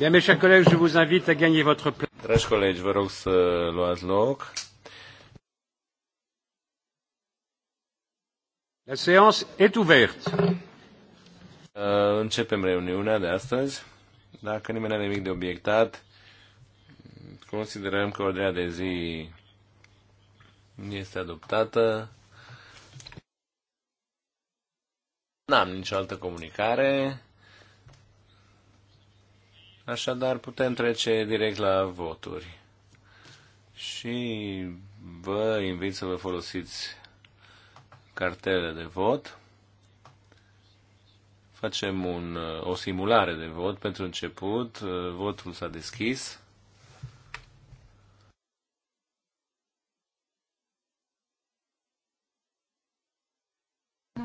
Dragi colegi, vă rog să luați loc. La séance est ouverte. Uh, începem reuniunea de astăzi. Dacă nimeni nu are nimic de obiectat, considerăm că ordinea de zi este adoptată. N-am nicio altă comunicare. Așadar, putem trece direct la voturi. Și vă invit să vă folosiți cartele de vot. Facem un, o simulare de vot pentru început. Votul s-a deschis.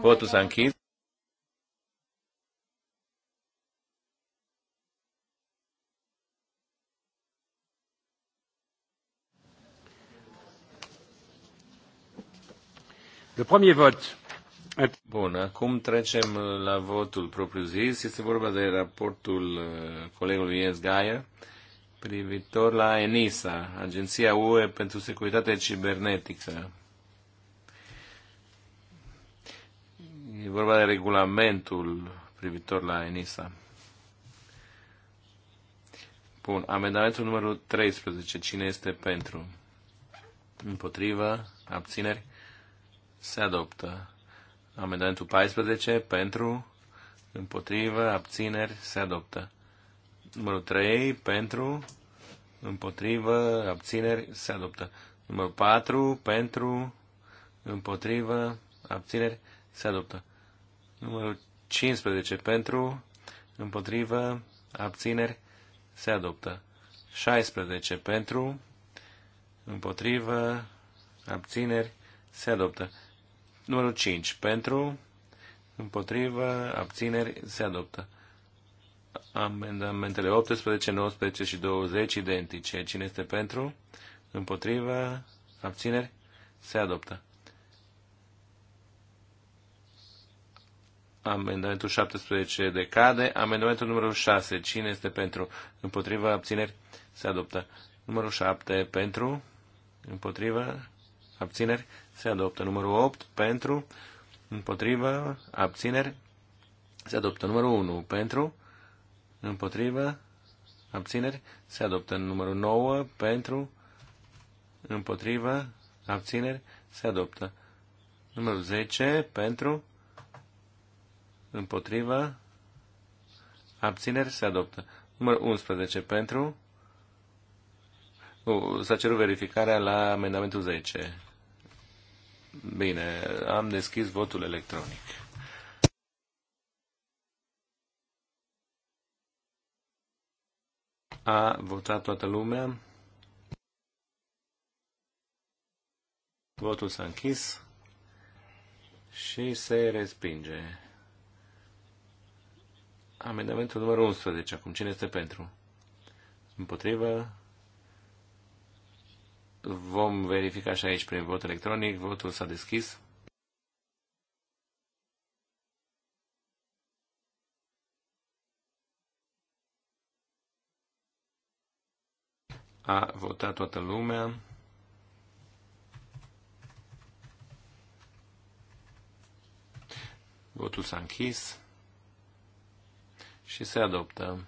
Votul s-a închis. Le premier vot. Bun, acum trecem la votul propriu-zis. Este vorba de raportul uh, colegului Jens Gaier privitor la ENISA, Agenția UE pentru Securitate Cibernetică. E vorba de regulamentul privitor la ENISA. Bun, amendamentul numărul 13. Cine este pentru? Împotrivă? Abțineri? Se adoptă. Amendamentul 14 pentru, împotrivă, abțineri, se adoptă. Numărul 3 pentru, împotrivă, abțineri, se adoptă. Numărul 4 pentru, împotrivă, abțineri, se adoptă. Numărul 15 pentru, împotrivă, abțineri, se adoptă. 16 pentru, împotrivă, abțineri, se adoptă. Numărul 5. Pentru, împotrivă, abțineri, se adoptă. Amendamentele 18, 19 și 20 identice. Cine este pentru, împotrivă, abțineri, se adoptă. Amendamentul 17 decade. Amendamentul numărul 6. Cine este pentru? Împotriva abțineri? Se adoptă. Numărul 7. Pentru? Împotriva abțineri? se adoptă. Numărul 8 pentru, împotrivă, abțineri, se adoptă. Numărul 1 pentru, împotrivă, abțineri, se adoptă. Numărul 9 pentru, împotrivă, abțineri, se adoptă. Numărul 10 pentru, împotrivă, abțineri, se adoptă. Numărul 11 pentru, S-a cerut verificarea la amendamentul 10. Bine, am deschis votul electronic. A votat toată lumea. Votul s-a închis și se respinge. Amendamentul numărul 11. Acum, cine este pentru? Împotrivă? Vom verifica și aici prin vot electronic. Votul s-a deschis. A votat toată lumea. Votul s-a închis și se adoptă.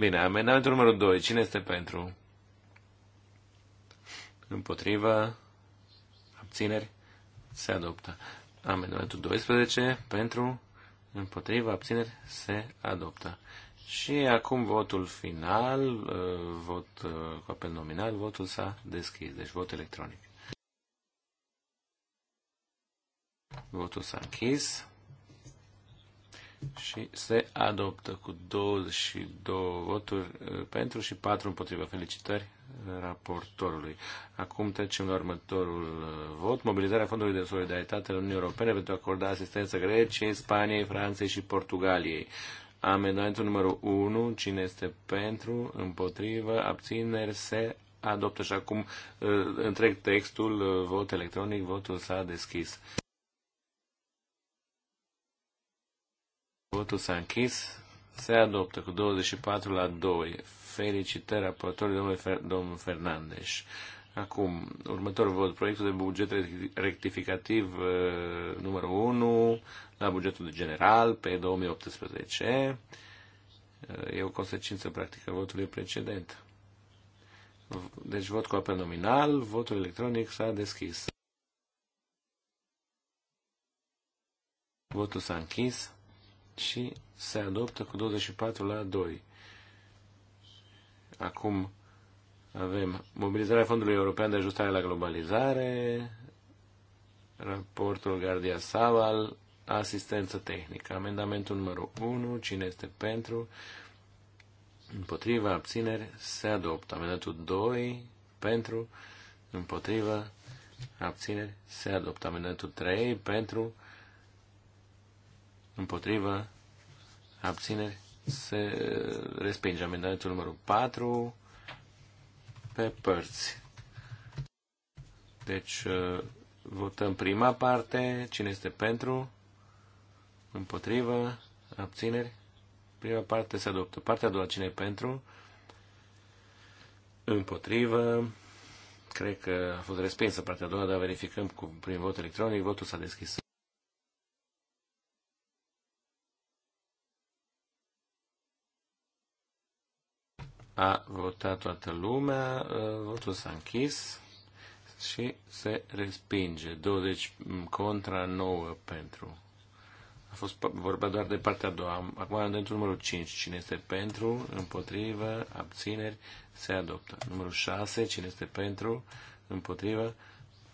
Bine, amendamentul numărul 2. Cine este pentru? Împotrivă? Abțineri. Se adoptă. Amendamentul 12. Pentru. Împotrivă? Abțineri. Se adoptă. Și acum votul final, uh, vot uh, cu apel nominal, votul s-a deschis, deci vot electronic. Votul s-a închis și se adoptă cu 22 voturi uh, pentru și 4 împotriva. Felicitări uh, raportorului. Acum trecem la următorul uh, vot. Mobilizarea Fondului de Solidaritate al Uniunii Europene pentru a acorda asistență Greciei, Spaniei, Franței și Portugaliei. Amendamentul numărul 1. Cine este pentru, împotrivă, abțineri, se adoptă. Și acum întreg textul, vot electronic, votul s-a deschis. Votul s-a închis. Se adoptă cu 24 la 2. Felicitări raportorului domnului Fer- domnul Fernandes. Acum, următorul vot, proiectul de buget rectificativ uh, numărul 1 la bugetul general pe 2018. Uh, e o consecință practică votului precedent. Deci vot cu apel nominal, votul electronic s-a deschis. Votul s-a închis și se adoptă cu 24 la 2. Acum avem mobilizarea Fondului European de Ajustare la Globalizare, raportul Gardia Saval, asistență tehnică. Amendamentul numărul 1, cine este pentru, împotriva, abțineri, se adoptă. Amendamentul 2, pentru, împotriva, abțineri, se adoptă. Amendamentul 3, pentru, împotrivă, abțineri, se uh, respinge. Amendamentul numărul 4 pe părți. Deci uh, votăm prima parte, cine este pentru, împotrivă, abțineri. Prima parte se adoptă. Partea a doua, cine e pentru, împotrivă, cred că a fost respinsă partea a doua, dar verificăm cu, prin vot electronic. Votul s-a deschis. A votat toată lumea, uh, votul s-a închis și se respinge. 20 contra, 9 pentru. A fost vorba doar de partea a doua. Acum amendamentul numărul 5. Cine este pentru, împotrivă, abțineri, se adoptă. Numărul 6. Cine este pentru, împotrivă,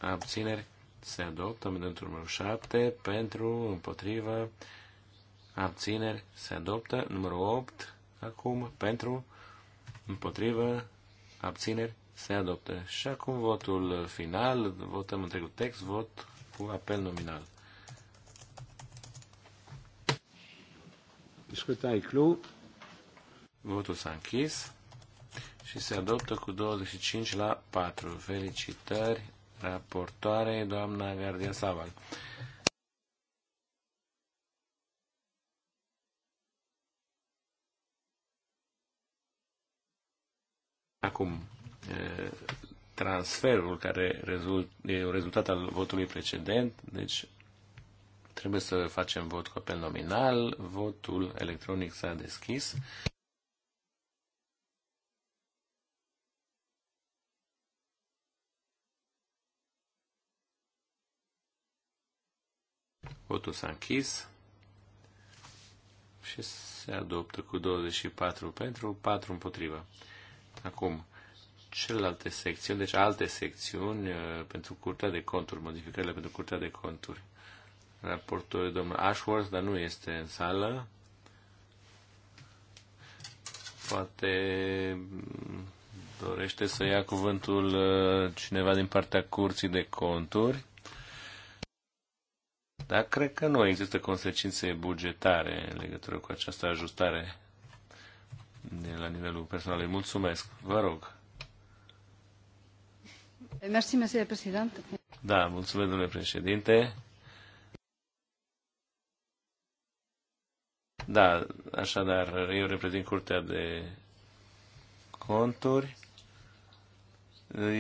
abțineri, se adoptă. Amendamentul numărul 7. Pentru, împotrivă, abțineri, se adoptă. Numărul 8. Acum, pentru, împotrivă, abțineri, se adoptă. Și acum votul final, votăm întregul text, vot cu apel nominal. Discutai Clu, Votul s-a închis și se adoptă cu 25 la 4. Felicitări, raportoare, doamna Gardia Saval. Acum, transferul care rezult, e un rezultat al votului precedent, deci trebuie să facem vot cu apel nominal, votul electronic s-a deschis. Votul s-a închis și se adoptă cu 24 pentru, 4 împotriva. Acum, celelalte secțiuni, deci alte secțiuni uh, pentru Curtea de Conturi, modificările pentru Curtea de Conturi. Raportul domnul Ashworth, dar nu este în sală. Poate mm, dorește să ia cuvântul uh, cineva din partea Curții de Conturi. Dar cred că nu există consecințe bugetare în legătură cu această ajustare de la nivelul personal. Mulțumesc. Vă rog. Mersi, mesele președinte. Da, mulțumesc, domnule președinte. Da, așadar, eu reprezint Curtea de Conturi.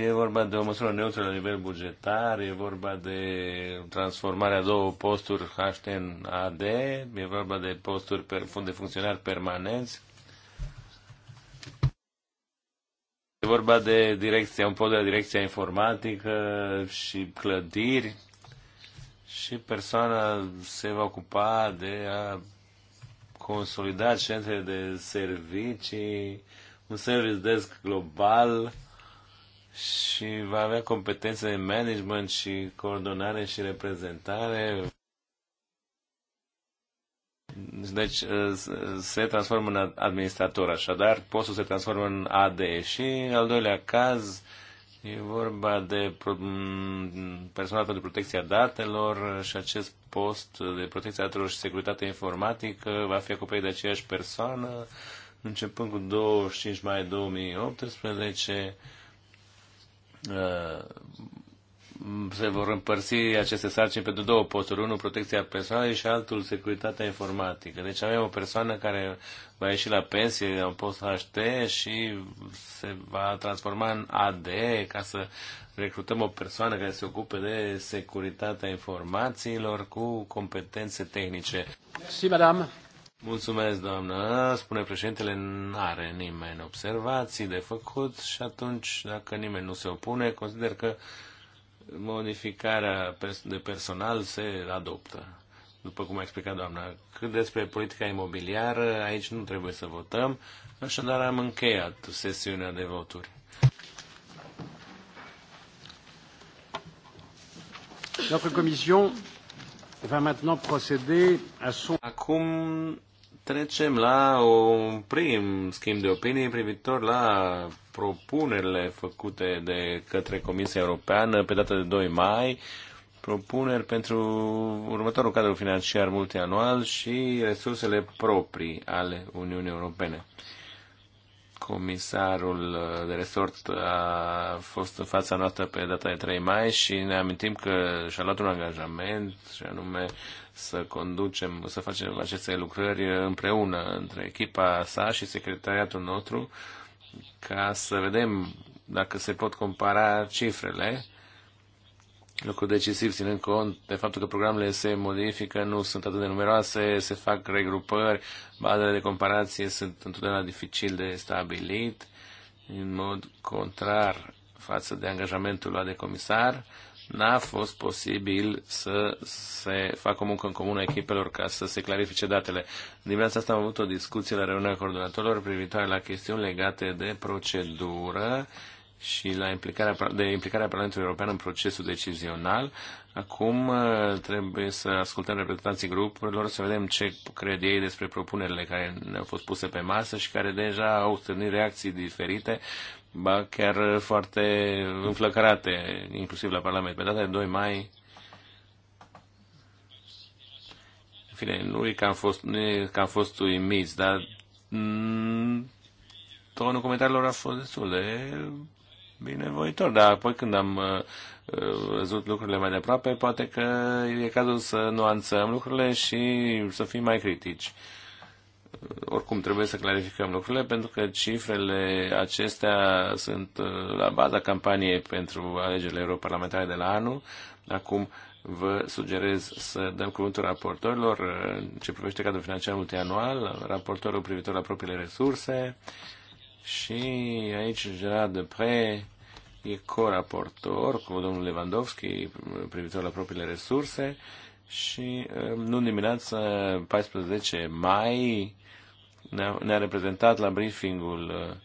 E vorba de o măsură neutră la nivel bugetar, e vorba de transformarea două posturi HTN AD, e vorba de posturi fund de funcționari permanenți E vorba de direcția, un pod de la direcția informatică și clădiri și persoana se va ocupa de a consolida centre de servicii, un service desk global și va avea competențe de management și coordonare și reprezentare deci se transformă în administrator, așadar postul se transformă în AD. Și al doilea caz e vorba de personal pentru protecția datelor și acest post de protecția datelor și securitate informatică va fi acoperit de aceeași persoană începând cu 25 mai 2018 se vor împărți aceste sarcini pentru două posturi. Unul protecția personală și altul securitatea informatică. Deci avem o persoană care va ieși la pensie la un post HT și se va transforma în AD ca să recrutăm o persoană care se ocupe de securitatea informațiilor cu competențe tehnice. Si, madame. Mulțumesc, doamnă. Spune președintele, nu are nimeni observații de făcut și atunci, dacă nimeni nu se opune, consider că modificarea de personal se adoptă, după cum a explicat doamna. Cât despre politica imobiliară, aici nu trebuie să votăm, așadar am încheiat sesiunea de voturi. Notre commission va maintenant procéder à son... Acum Trecem la un prim schimb de opinii privitor la propunerile făcute de către Comisia Europeană pe data de 2 mai, propuneri pentru următorul cadru financiar multianual și resursele proprii ale Uniunii Europene comisarul de resort a fost în fața noastră pe data de 3 mai și ne amintim că și-a luat un angajament și anume să conducem, să facem aceste lucrări împreună între echipa sa și secretariatul nostru ca să vedem dacă se pot compara cifrele lucru decisiv, ținând cont de faptul că programele se modifică, nu sunt atât de numeroase, se fac regrupări, bazele de comparație sunt întotdeauna dificil de stabilit, în mod contrar față de angajamentul luat de comisar, n-a fost posibil să se facă o muncă în comună echipelor ca să se clarifice datele. Dimineața asta am avut o discuție la reuniunea coordonatorilor privitoare la chestiuni legate de procedură și la implicarea, de implicarea Parlamentului European în procesul decizional. Acum uh, trebuie să ascultăm reprezentanții grupurilor, să vedem ce cred ei despre propunerile care ne-au fost puse pe masă și care deja au stârnit reacții diferite, ba chiar foarte înflăcărate, inclusiv la Parlament. Pe data de 2 mai în fine, nu e că am fost, nu e că am fost uimiți, dar mm, tonul comentariilor a fost destul de binevoitor, dar apoi când am uh, văzut lucrurile mai de aproape, poate că e cazul să nuanțăm lucrurile și să fim mai critici. Uh, oricum, trebuie să clarificăm lucrurile pentru că cifrele acestea sunt uh, la baza campaniei pentru alegerile europarlamentare de la anul. Acum vă sugerez să dăm cuvântul raportorilor ce privește cadrul financiar multianual, raportorul privitor la propriile resurse, și aici Gerard Depre e coraportor cu domnul Lewandowski privitor la propriile resurse și nu dimineața 14 mai ne-a, reprezentat la briefingul uh,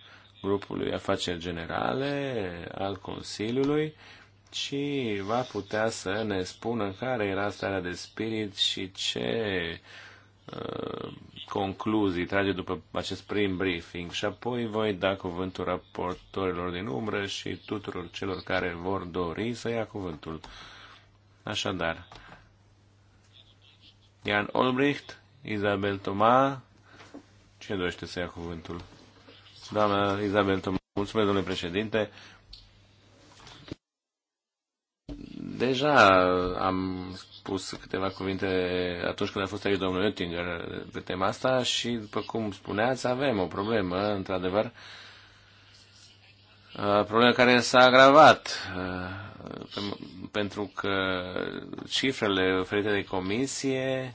grupului afaceri generale al Consiliului și va putea să ne spună care era starea de spirit și ce uh, concluzii trage după acest prim briefing și apoi voi da cuvântul raportorilor din umbră și tuturor celor care vor dori să ia cuvântul. Așadar, Jan Olbricht, Isabel Toma, cine dorește să ia cuvântul? Doamna Isabel Toma, mulțumesc, domnule președinte. Deja am spus câteva cuvinte atunci când a fost aici domnul Oettinger pe tema asta și, după cum spuneați, avem o problemă, într-adevăr, problemă care s-a agravat pentru că cifrele oferite de comisie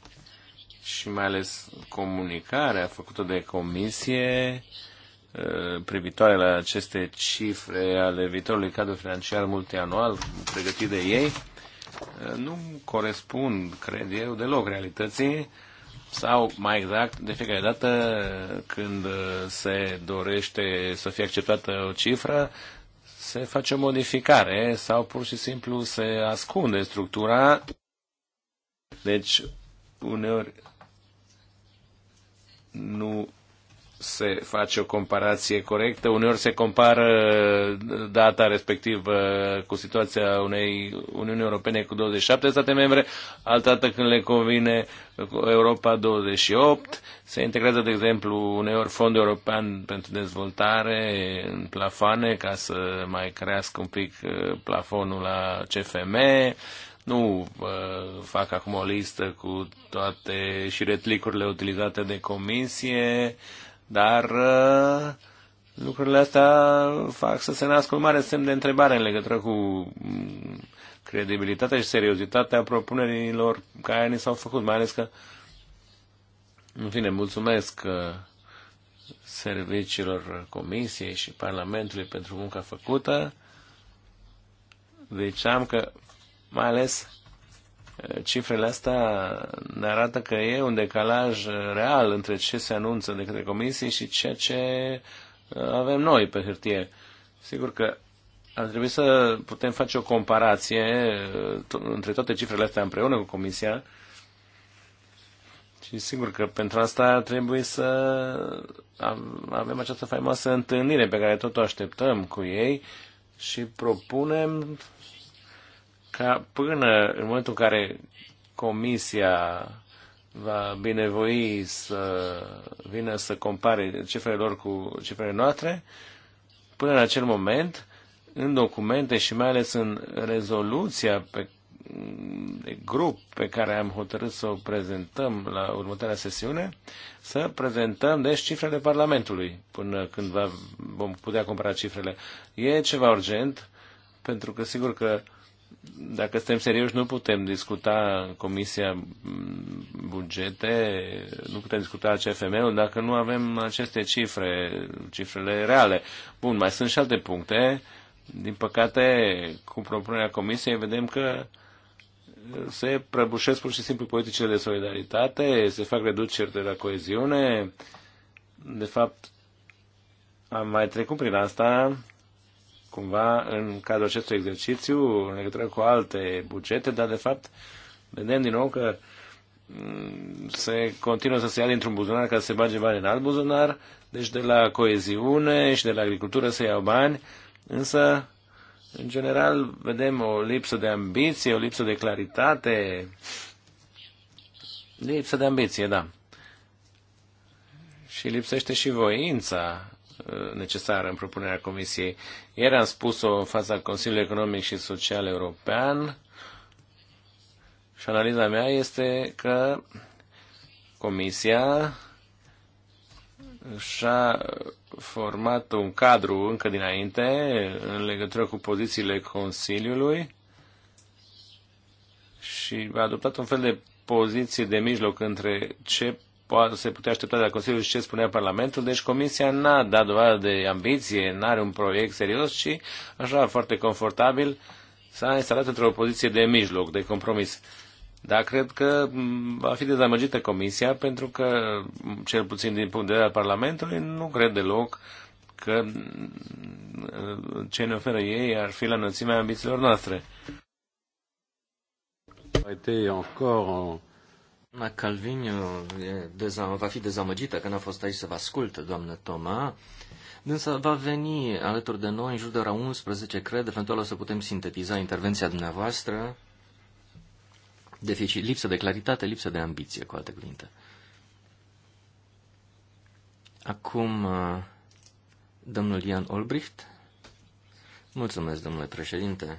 și mai ales comunicarea făcută de comisie privitoare la aceste cifre ale viitorului cadru financiar multianual pregătit de ei, nu corespund, cred eu, deloc realității sau, mai exact, de fiecare dată când se dorește să fie acceptată o cifră, se face o modificare sau pur și simplu se ascunde structura. Deci, uneori nu se face o comparație corectă. Uneori se compară uh, data respectivă cu situația unei Uniunii Europene cu 27 state membre, altădată când le convine Europa 28. Se integrează, de exemplu, uneori Fondul European pentru Dezvoltare în plafane ca să mai crească un pic uh, plafonul la CFM. Nu uh, fac acum o listă cu toate și retlicurile utilizate de comisie. Uh, dar uh, lucrurile astea fac să se nască un mare semn de întrebare în legătură cu mm, credibilitatea și seriozitatea propunerilor care ni s-au făcut, mai ales că în fine, mulțumesc uh, serviciilor Comisiei și Parlamentului pentru munca făcută. Deci am că, mai ales cifrele astea ne arată că e un decalaj real între ce se anunță de către comisie și ceea ce uh, avem noi pe hârtie. Sigur că ar trebui să putem face o comparație uh, între toate cifrele astea împreună cu comisia și sigur că pentru asta trebuie să avem această faimoasă întâlnire pe care tot o așteptăm cu ei și propunem ca până în momentul în care Comisia va binevoi să vină să compare cifrele lor cu cifrele noastre, până în acel moment, în documente și mai ales în rezoluția pe de grup pe care am hotărât să o prezentăm la următoarea sesiune, să prezentăm, deci, cifrele Parlamentului, până când va, vom putea compara cifrele. E ceva urgent, pentru că sigur că uh, dacă suntem serioși, nu putem discuta în Comisia Bugete, nu putem discuta CFM-ul dacă nu avem aceste cifre, cifrele reale. Bun, mai sunt și alte puncte. Din păcate, cu propunerea Comisiei, vedem că se prăbușesc pur și simplu politicile de solidaritate, se fac reduceri de la coeziune. De fapt, am mai trecut prin asta cumva în cadrul acestui exercițiu în legătură cu alte bugete, dar de fapt vedem din nou că mm, se continuă să se ia dintr-un buzunar ca să se bage bani în alt buzunar, deci de la coeziune și de la agricultură se iau bani, însă, în general, vedem o lipsă de ambiție, o lipsă de claritate, lipsă de ambiție, da. Și lipsește și voința necesară în propunerea Comisiei. Ieri am spus-o în fața Consiliului Economic și Social European și analiza mea este că Comisia și-a format un cadru încă dinainte în legătură cu pozițiile Consiliului și a adoptat un fel de poziție de mijloc între ce poate, se putea aștepta de la Consiliu și ce spunea Parlamentul, deci Comisia n-a dat dovadă de ambiție, n-are un proiect serios, ci așa foarte confortabil s-a instalat într-o poziție de mijloc, de compromis. Dar cred că va fi dezamăgită Comisia pentru că, cel puțin din punct de vedere al Parlamentului, nu cred deloc că ce ne oferă ei ar fi la înălțimea ambițiilor noastre. Été encore en Doamna Calviniu va fi dezamăgită că n-a fost aici să vă ascultă, doamnă Toma. Însă va veni alături de noi în jur de ora 11, cred, eventual o să putem sintetiza intervenția dumneavoastră. Deficit, lipsă de claritate, lipsă de ambiție, cu alte cuvinte. Acum, uh, domnul Ian Olbricht. Mulțumesc, domnule președinte.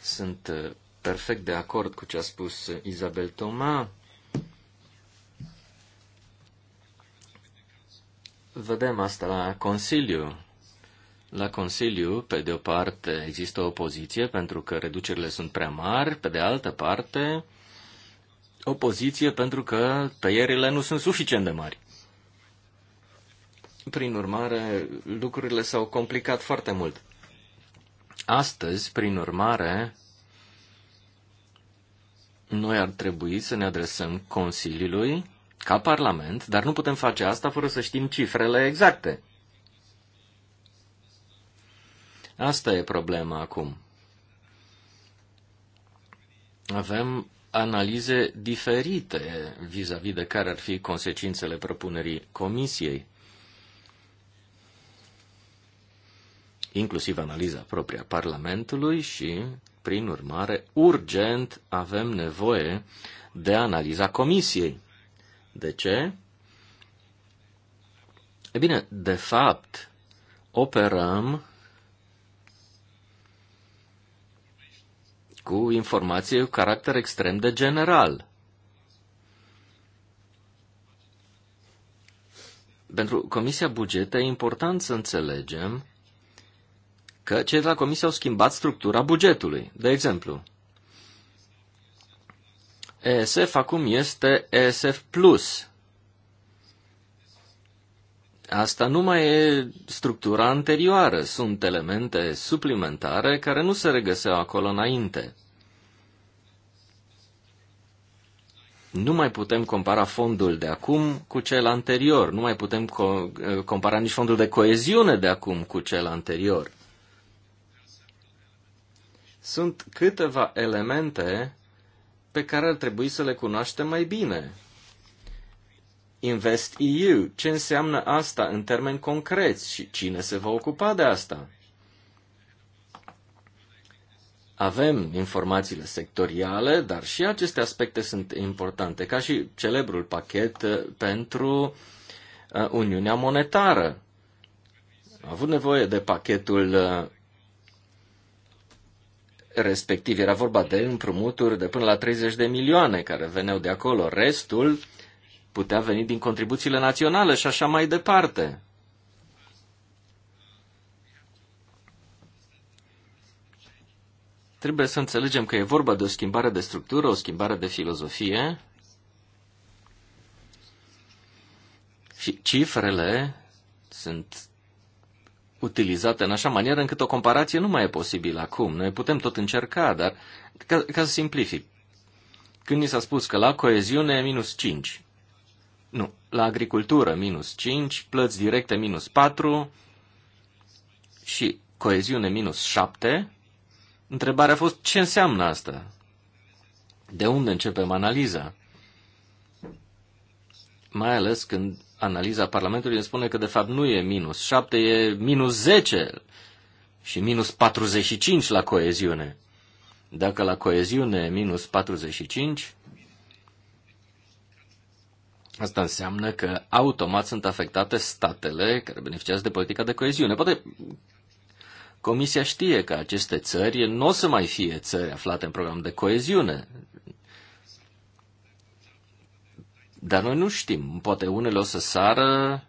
Sunt uh, perfect de acord cu ce a spus Isabel Toma. Vedem asta la Consiliu. La Consiliu, pe de o parte, există o opoziție pentru că reducerile sunt prea mari, pe de altă parte, opoziție pentru că tăierile nu sunt suficient de mari. Prin urmare, lucrurile s-au complicat foarte mult. Astăzi, prin urmare, noi ar trebui să ne adresăm Consiliului ca Parlament, dar nu putem face asta fără să știm cifrele exacte. Asta e problema acum. Avem analize diferite vis-a-vis -vis de care ar fi consecințele propunerii Comisiei. inclusiv analiza propria Parlamentului și, prin urmare, urgent avem nevoie de analiza Comisiei. De ce? E bine, de fapt, operăm cu informație cu caracter extrem de general. Pentru Comisia Bugete e important să înțelegem că cei de la Comisie au schimbat structura bugetului. De exemplu, ESF acum este ESF Plus. Asta nu mai e structura anterioară, sunt elemente suplimentare care nu se regăseau acolo înainte. Nu mai putem compara fondul de acum cu cel anterior, nu mai putem co- compara nici fondul de coeziune de acum cu cel anterior. Sunt câteva elemente pe care ar trebui să le cunoaștem mai bine. Invest EU, ce înseamnă asta în termeni concreți și cine se va ocupa de asta? Avem informațiile sectoriale, dar și aceste aspecte sunt importante, ca și celebrul pachet uh, pentru uh, Uniunea Monetară. A avut nevoie de pachetul uh, respectiv. Era vorba de împrumuturi de până la 30 de milioane care veneau de acolo. Restul putea veni din contribuțiile naționale și așa mai departe. Trebuie să înțelegem că e vorba de o schimbare de structură, o schimbare de filozofie și cifrele sunt utilizată în așa manieră încât o comparație nu mai e posibilă acum. Noi putem tot încerca, dar ca, ca să simplific. Când ni s-a spus că la coeziune minus 5, nu, la agricultură minus 5, plăți directe minus 4 și coeziune minus 7, întrebarea a fost ce înseamnă asta? De unde începem analiza? Mai ales când analiza Parlamentului ne spune că de fapt nu e minus 7, e minus 10 și minus 45 la coeziune. Dacă la coeziune e minus 45, Asta înseamnă că automat sunt afectate statele care beneficiază de politica de coeziune. Poate Comisia știe că aceste țări nu o să mai fie țări aflate în program de coeziune. Dar noi nu știm. Poate unele o să sară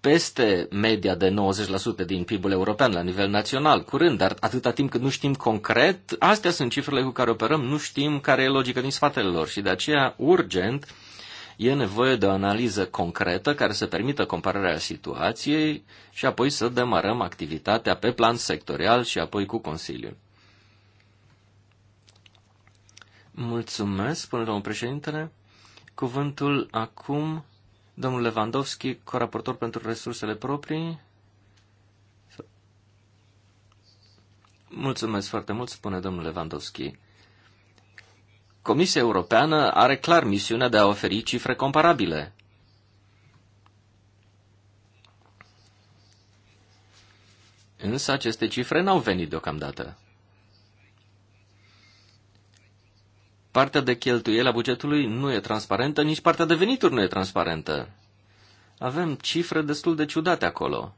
peste media de 90% din PIB-ul european la nivel național, curând, dar atâta timp cât nu știm concret, astea sunt cifrele cu care operăm, nu știm care e logica din sfatele lor și de aceea, urgent, e nevoie de o analiză concretă care să permită compararea situației și apoi să demarăm activitatea pe plan sectorial și apoi cu Consiliul. Mulțumesc, spune domnul președintele. Cuvântul acum, domnul Lewandowski, coraportor pentru resursele proprii. Mulțumesc foarte mult, spune domnul Lewandowski. Comisia Europeană are clar misiunea de a oferi cifre comparabile. Însă aceste cifre n-au venit deocamdată. Partea de cheltuieli a bugetului nu e transparentă, nici partea de venituri nu e transparentă. Avem cifre destul de ciudate acolo.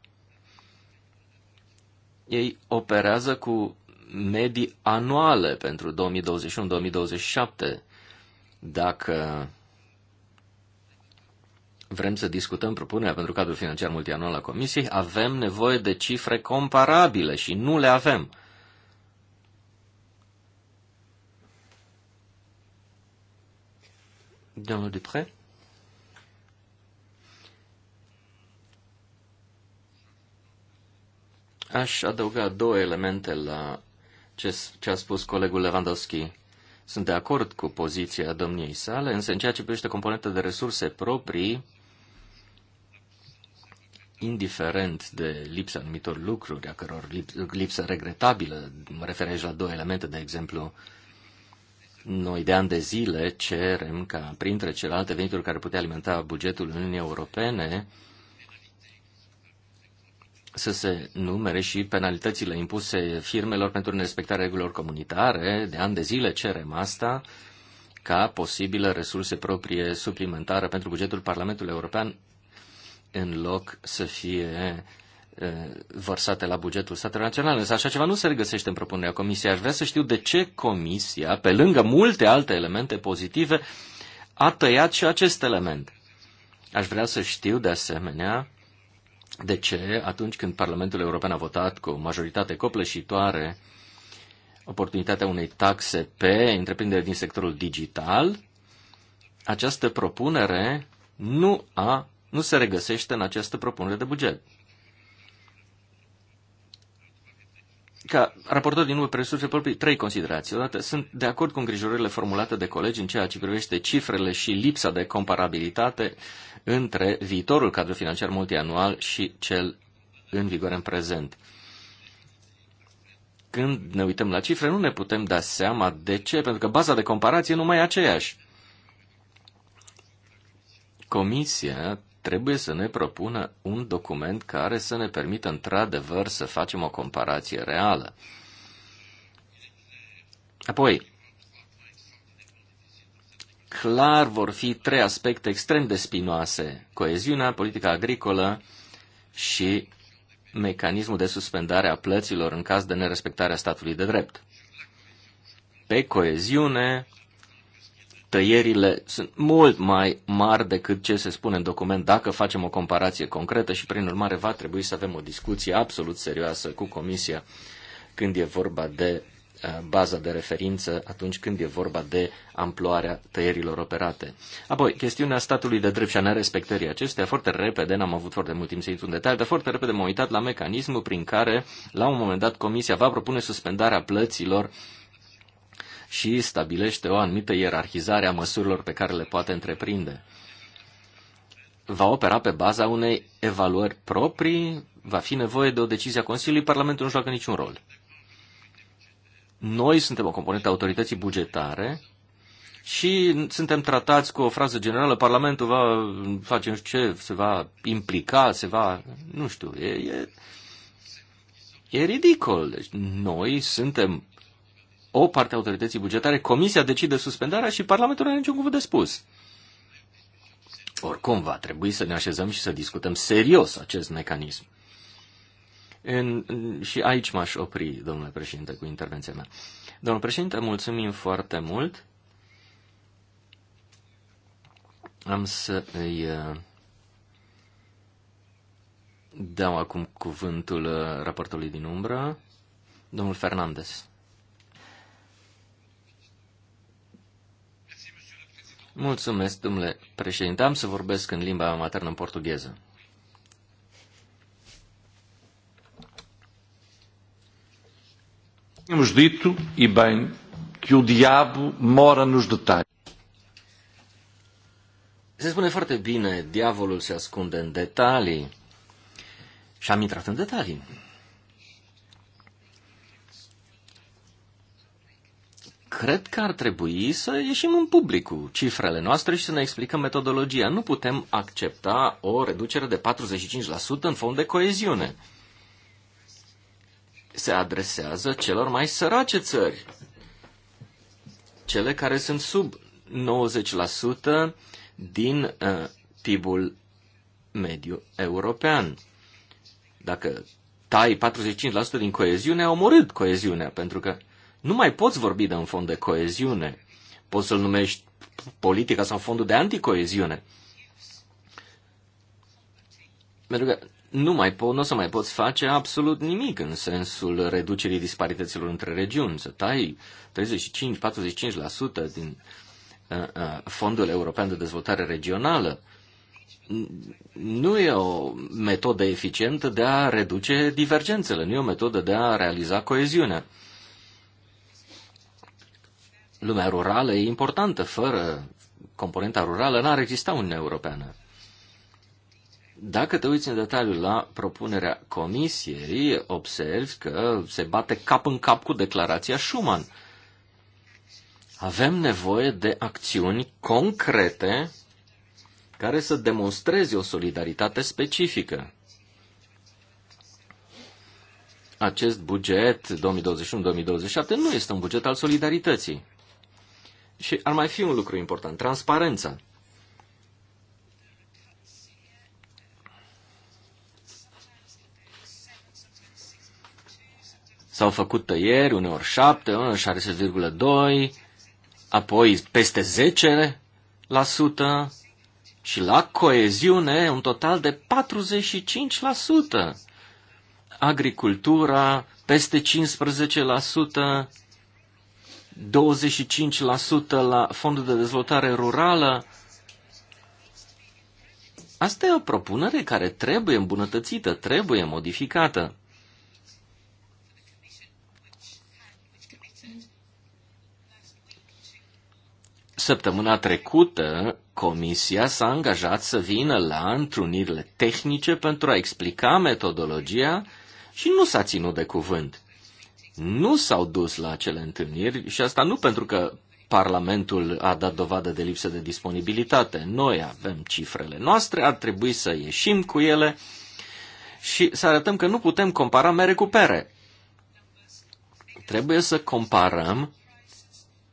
Ei operează cu medii anuale pentru 2021-2027. Dacă vrem să discutăm propunerea pentru cadrul financiar multianual la Comisiei, avem nevoie de cifre comparabile și nu le avem. le prêt. Aș adăuga două elemente la ce, ce a spus colegul Lewandowski. Sunt de acord cu poziția domniei sale, însă în ceea ce privește componenta de resurse proprii, indiferent de lipsa anumitor lucruri, a căror lipsă regretabilă, mă refer aici la două elemente, de exemplu, uh, noi de ani de zile cerem ca, printre celelalte venituri care putea alimenta bugetul Uniunii Europene, să se numere și penalitățile impuse firmelor pentru nerespectarea regulilor comunitare. De ani de zile cerem asta ca posibilă resurse proprie suplimentară pentru bugetul Parlamentului European, în loc să fie uh, vărsate la bugetul statelor naționale. Însă așa ceva nu se regăsește în propunerea Comisiei. Aș vrea să știu de ce Comisia, pe lângă multe alte elemente pozitive, a tăiat și acest element. Aș vrea să știu, de asemenea, de ce atunci când Parlamentul European a votat cu o majoritate copleșitoare oportunitatea unei taxe pe întreprindere din sectorul digital, această propunere nu, a, nu se regăsește în această propunere de buget. ca raportor din numele presurse proprii, trei considerații. Odată, sunt de acord cu îngrijorările formulate de colegi în ceea ce privește cifrele și lipsa de comparabilitate între viitorul cadru financiar multianual și cel în vigoare în prezent. Când ne uităm la cifre, nu ne putem da seama de ce, pentru că baza de comparație nu mai e aceeași. Comisia trebuie să ne propună un document care să ne permită într-adevăr să facem o comparație reală. Apoi, clar vor fi trei aspecte extrem de spinoase. Coeziunea, politica agricolă și mecanismul de suspendare a plăților în caz de nerespectare a statului de drept. Pe coeziune tăierile sunt mult mai mari decât ce se spune în document dacă facem o comparație concretă și, prin urmare, va trebui să avem o discuție absolut serioasă cu Comisia când e vorba de uh, baza de referință atunci când e vorba de amploarea tăierilor operate. Apoi, chestiunea statului de drept și a nerespectării acestea, foarte repede, n-am avut foarte mult timp să intru în detaliu, dar foarte repede m-am uitat la mecanismul prin care, la un moment dat, Comisia va propune suspendarea plăților și stabilește o anumită ierarhizare a măsurilor pe care le poate întreprinde. Va opera pe baza unei evaluări proprii, va fi nevoie de o decizie a Consiliului, Parlamentul nu joacă niciun rol. Noi suntem o componentă a autorității bugetare și suntem tratați cu o frază generală, Parlamentul va face nu știu ce, se va implica, se va, nu știu, e, e, E ridicol. Deci noi suntem o parte a autorității bugetare, Comisia decide suspendarea și Parlamentul nu are niciun cuvânt de spus. Oricum, va trebui să ne așezăm și să discutăm serios acest mecanism. În, în, și aici m-aș opri, domnule președinte, cu intervenția mea. Domnule președinte, mulțumim foarte mult. Am să îi uh, dau acum cuvântul uh, raportului din umbră, domnul Fernandez. Mulțumesc, domnule președinte. Am să vorbesc în limba maternă, în portugheză. Am dito, e bem, que o diabo mora nos detalhes. Se spune foarte bine, diavolul se ascunde în detalii. Și am intrat în detalii. cred că ar trebui să ieșim în public cu cifrele noastre și să ne explicăm metodologia. Nu putem accepta o reducere de 45% în fond de coeziune. Se adresează celor mai sărace țări, cele care sunt sub 90% din uh, PIB-ul mediu european. Dacă tai 45% din coeziune, au omorât coeziunea, pentru că nu mai poți vorbi de un fond de coeziune. Poți să-l numești politica sau fondul de anticoeziune. Pentru că nu, mai po- nu o să mai poți face absolut nimic în sensul reducerii disparităților între regiuni. Să tai 35-45% din uh, uh, Fondul European de Dezvoltare Regională nu e o metodă eficientă de a reduce divergențele, nu e o metodă de a realiza coeziunea lumea rurală e importantă. Fără componenta rurală n-ar exista Uniunea Europeană. Dacă te uiți în detaliu la propunerea comisiei, observi că se bate cap în cap cu declarația Schuman. Avem nevoie de acțiuni concrete care să demonstreze o solidaritate specifică. Acest buget 2021-2027 nu este un buget al solidarității. Și ar mai fi un lucru important, transparența. S-au făcut tăieri, uneori 7, uneori 6,2, apoi peste 10%, și la coeziune un total de 45%. Agricultura peste 25% la Fondul de Dezvoltare Rurală. Asta e o propunere care trebuie îmbunătățită, trebuie modificată. Săptămâna trecută, Comisia s-a angajat să vină la întrunirile tehnice pentru a explica metodologia și nu s-a ținut de cuvânt nu s-au dus la acele întâlniri și asta nu pentru că Parlamentul a dat dovadă de lipsă de disponibilitate. Noi avem cifrele noastre, ar trebui să ieșim cu ele și să arătăm că nu putem compara mere cu pere. Trebuie să comparăm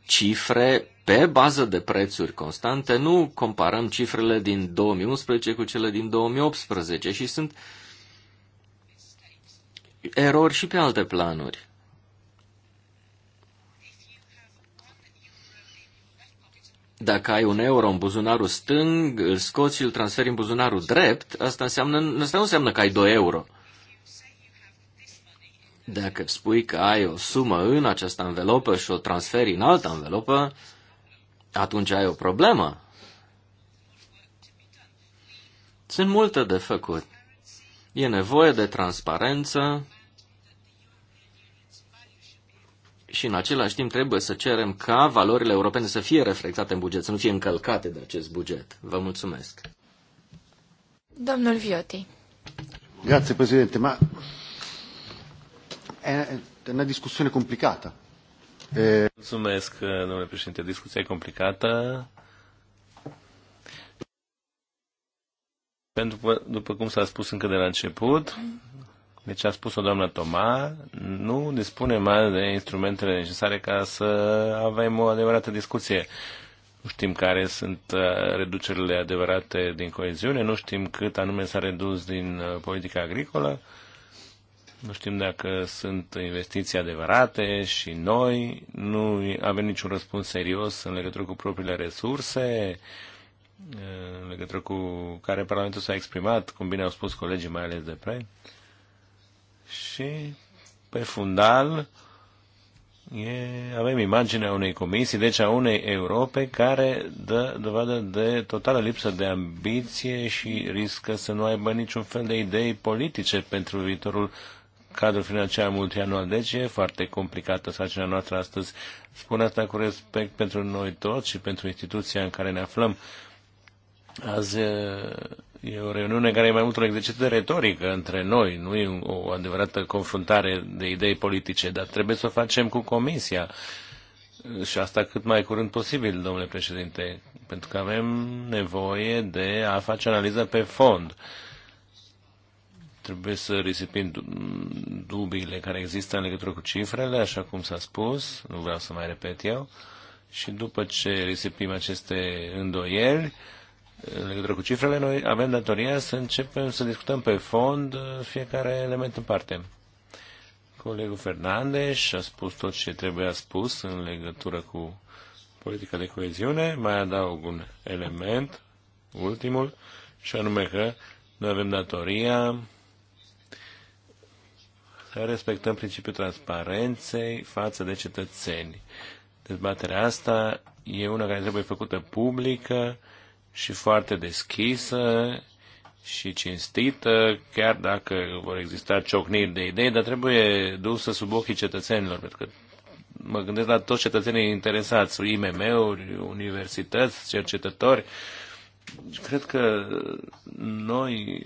cifre pe bază de prețuri constante, nu comparăm cifrele din 2011 cu cele din 2018 și sunt erori și pe alte planuri. Dacă ai un euro în buzunarul stâng, îl scoți și îl transferi în buzunarul drept, asta, înseamnă, asta nu înseamnă că ai 2 euro. Dacă spui că ai o sumă în această învelopă și o transferi în altă învelopă, atunci ai o problemă. Sunt multe de făcut. E nevoie de transparență, și în același timp trebuie să cerem ca valorile europene să fie reflectate în buget, să nu fie încălcate de acest buget. Vă mulțumesc. Domnul Vioti. Grazie, Presidente, ma è una discussione complicata. E... Eh, mulțumesc, domnule președinte. Discuția e complicată. Pentru că, după cum s-a spus încă de la început, mm. Deci a spus-o doamna Toma, nu dispunem mai de instrumentele necesare ca să avem o adevărată discuție. Nu știm care sunt uh, reducerile adevărate din coeziune, nu știm cât anume s-a redus din uh, politica agricolă, nu știm dacă sunt investiții adevărate și noi, nu avem niciun răspuns serios în legătură cu propriile resurse, uh, în legătură cu care Parlamentul s-a exprimat, cum bine au spus colegii, mai ales de pre și pe fundal e, avem imaginea unei comisii, deci a unei Europe care dă dovadă de totală lipsă de ambiție și riscă să nu aibă niciun fel de idei politice pentru viitorul cadru financiar multianual. Deci e foarte complicată sarcina noastră astăzi. Spun asta cu respect pentru noi toți și pentru instituția în care ne aflăm Azi e o reuniune care e mai mult un exercițiu de retorică între noi, nu e o adevărată confruntare de idei politice, dar trebuie să o facem cu Comisia. Și asta cât mai curând posibil, domnule președinte, pentru că avem nevoie de a face analiza pe fond. Trebuie să risipim dubiile care există în legătură cu cifrele, așa cum s-a spus, nu vreau să mai repet eu, și după ce risipim aceste îndoieli, în legătură cu cifrele, noi avem datoria să începem să discutăm pe fond uh, fiecare element în parte. Colegul Fernandez a spus tot ce trebuia spus în legătură cu politica de coeziune. Mai adaug un element, ultimul, și anume că noi avem datoria să respectăm principiul transparenței față de cetățeni. Dezbaterea asta e una care trebuie făcută publică, și foarte deschisă și cinstită, chiar dacă vor exista ciocniri de idei, dar trebuie dusă sub ochii cetățenilor, pentru că mă gândesc la toți cetățenii interesați, IMM-uri, universități, cercetători. Cred că noi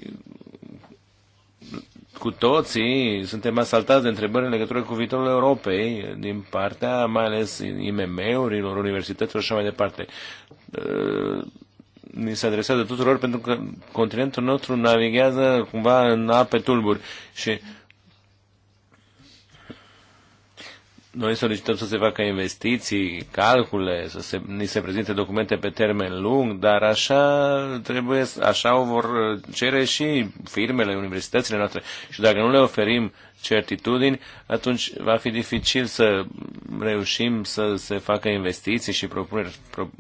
cu toții suntem asaltați de întrebări în legătură cu viitorul Europei, din partea mai ales IMM-urilor, universităților și așa mai departe ni se adresează tuturor pentru că continentul nostru navighează cumva în ape tulburi și Noi solicităm să se facă investiții, calcule, să se, ni se prezinte documente pe termen lung, dar așa trebuie, așa o vor cere și firmele, universitățile noastre. Și dacă nu le oferim certitudini, atunci va fi dificil să reușim să se facă investiții și propuneri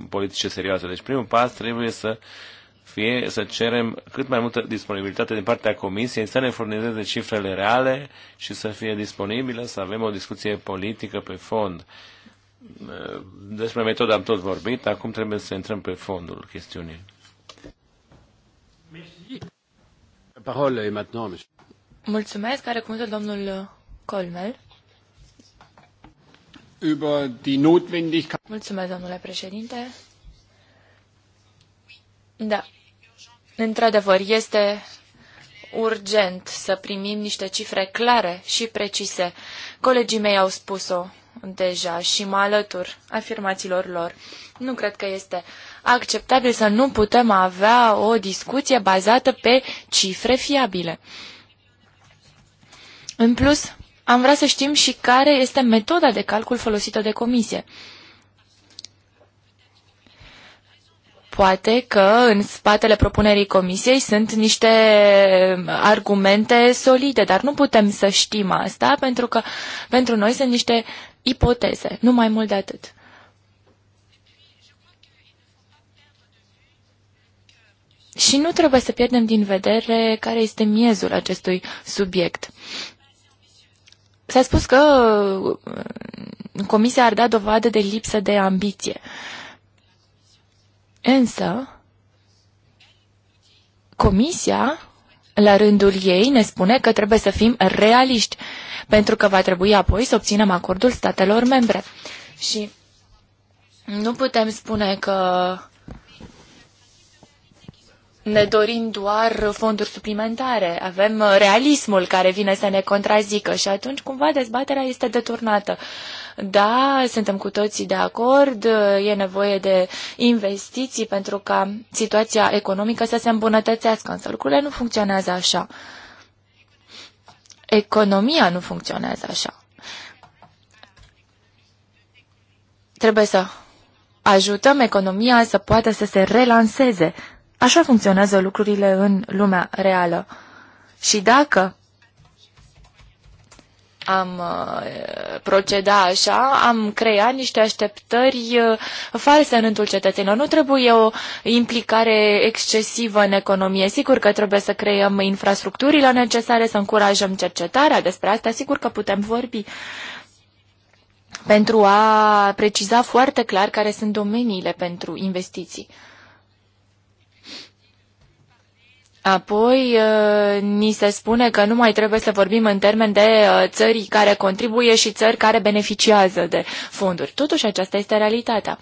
politice serioase. Deci primul pas trebuie să uh, fie să cerem cât mai multă disponibilitate din partea Comisiei, să ne furnizeze cifrele reale și să fie disponibilă, să avem o discuție politică pe fond. Despre metoda am tot vorbit, acum trebuie să intrăm pe fondul chestiunii. Mulțumesc, are cuvântul domnul Colmel. Über die Notwendigkeit. Mulțumesc, domnule președinte. Da, Într-adevăr, este urgent să primim niște cifre clare și precise. Colegii mei au spus-o deja și mă alătur afirmațiilor lor. Nu cred că este acceptabil să nu putem avea o discuție bazată pe cifre fiabile. În plus, am vrea să știm și care este metoda de calcul folosită de comisie. Poate că în spatele propunerii comisiei sunt niște argumente solide, dar nu putem să știm asta pentru că pentru noi sunt niște ipoteze, nu mai mult de atât. Și nu trebuie să pierdem din vedere care este miezul acestui subiect. S-a spus că uh, Comisia ar da dovadă de lipsă de ambiție. Uh, Însă, Comisia, la rândul ei, ne spune că trebuie să fim realiști, pentru că va trebui apoi să obținem acordul statelor membre. Și nu putem spune că ne dorim doar fonduri suplimentare, avem realismul care vine să ne contrazică și atunci cumva dezbaterea este deturnată. Da, suntem cu toții de acord, e nevoie de investiții pentru ca situația economică să se îmbunătățească, însă lucrurile nu funcționează așa. Economia nu funcționează așa. Trebuie să ajutăm economia să poată să se relanseze. Așa funcționează lucrurile în lumea reală. Și dacă am uh, proceda așa, am creat niște așteptări uh, false în rândul cetățenilor. Nu trebuie o implicare excesivă în economie. Sigur că trebuie să creăm infrastructurile necesare, să încurajăm cercetarea. Despre asta sigur că putem vorbi pentru a preciza foarte clar care sunt domeniile pentru investiții. Apoi, uh, ni se spune că nu mai trebuie să vorbim în termen de uh, țări care contribuie și țări care beneficiază de fonduri. Totuși, aceasta este realitatea.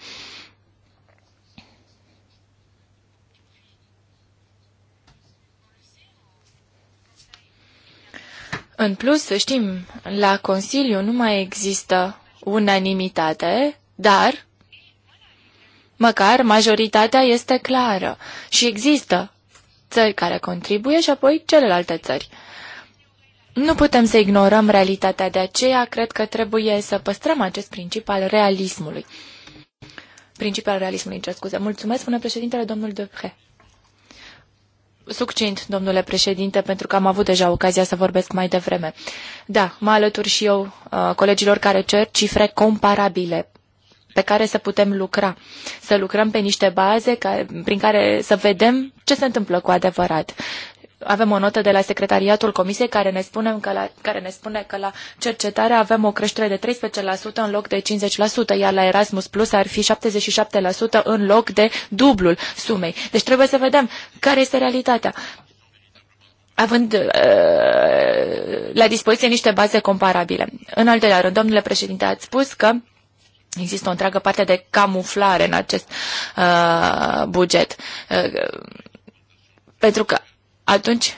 În plus, știm, la Consiliu nu mai există unanimitate, dar măcar majoritatea este clară și există țări care contribuie și apoi celelalte țări. Nu putem să ignorăm realitatea, de aceea cred că trebuie să păstrăm acest principiu al realismului. Principiul al realismului, ce scuze. Mulțumesc, spune președintele, domnul Depre. Succint, domnule președinte, pentru că am avut deja ocazia să vorbesc mai devreme. Da, mă alătur și eu uh, colegilor care cer cifre comparabile pe care să putem lucra. Să lucrăm pe niște baze care, prin care să vedem ce se întâmplă cu adevărat. Avem o notă de la Secretariatul Comisiei care ne, spune că la, care ne spune că la cercetare avem o creștere de 13% în loc de 50%, iar la Erasmus Plus ar fi 77% în loc de dublul sumei. Deci trebuie să vedem care este realitatea având uh, la dispoziție niște baze comparabile. În al doilea rând, domnule președinte, ați spus că Există o întreagă parte de camuflare în acest uh, buget. Uh, pentru că atunci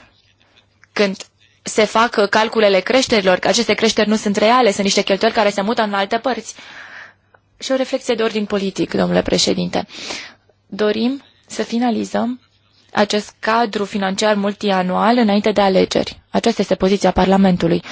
când se fac calculele creșterilor, că aceste creșteri nu sunt reale, sunt niște cheltuieli care se mută în alte părți. Și o reflexie de ordin politic, domnule președinte. Dorim să finalizăm acest cadru financiar multianual înainte de alegeri. Aceasta este poziția Parlamentului. Uh,